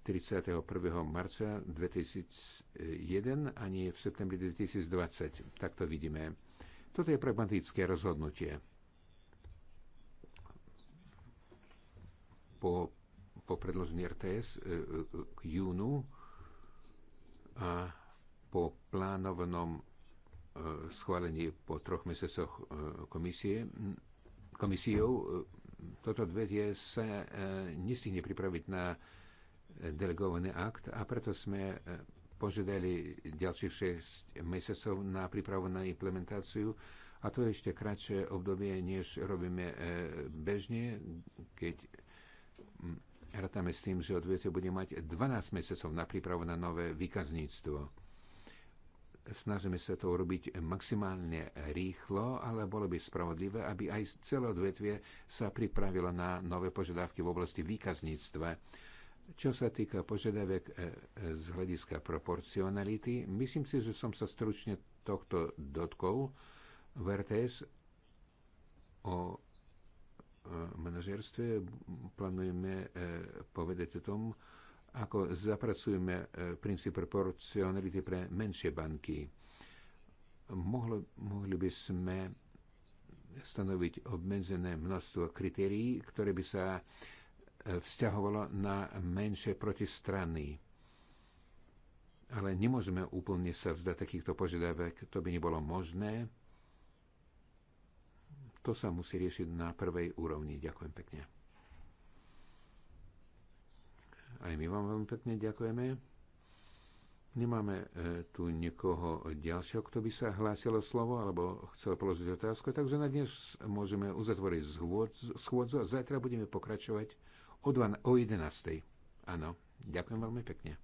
31. marca 2001 ani v septembri 2020. Tak to vidíme. Toto je pragmatické rozhodnutie. Po, po predložení RTS e, e, k júnu a po plánovanom e, schválení po troch mesiacoch komisie, komisiou toto odvetie sa nestihne pripraviť na delegovaný akt a preto sme e, požiadali ďalších 6 mesiacov na prípravu na implementáciu a to je ešte kratšie obdobie, než robíme e, bežne, keď rátame s tým, že odvetie bude mať 12 mesiacov na prípravu na nové výkazníctvo. Snažíme sa to urobiť maximálne rýchlo, ale bolo by spravodlivé, aby aj celé odvetvie sa pripravilo na nové požiadavky v oblasti výkazníctva čo sa týka požiadaviek e, e, z hľadiska proporcionality, myslím si, že som sa stručne tohto dotkol v RTS o e, manažerstve. Plánujeme povedať o tom, ako zapracujeme princíp proporcionality pre menšie banky. Mohli, mohli by sme stanoviť obmedzené množstvo kritérií, ktoré by sa uh, vzťahovalo na menšie protistrany. Ale nemôžeme úplne sa vzdať takýchto požiadavek, to by nebolo možné. To sa musí riešiť na prvej úrovni. Ďakujem pekne. Aj my vám veľmi pekne ďakujeme. Nemáme e, tu nikoho ďalšieho, kto by sa hlásilo slovo alebo chcel položiť otázku, takže na dnes môžeme uzatvoriť schôdzu. Zajtra budeme pokračovať O, 11. Áno, ďakujem veľmi pekne.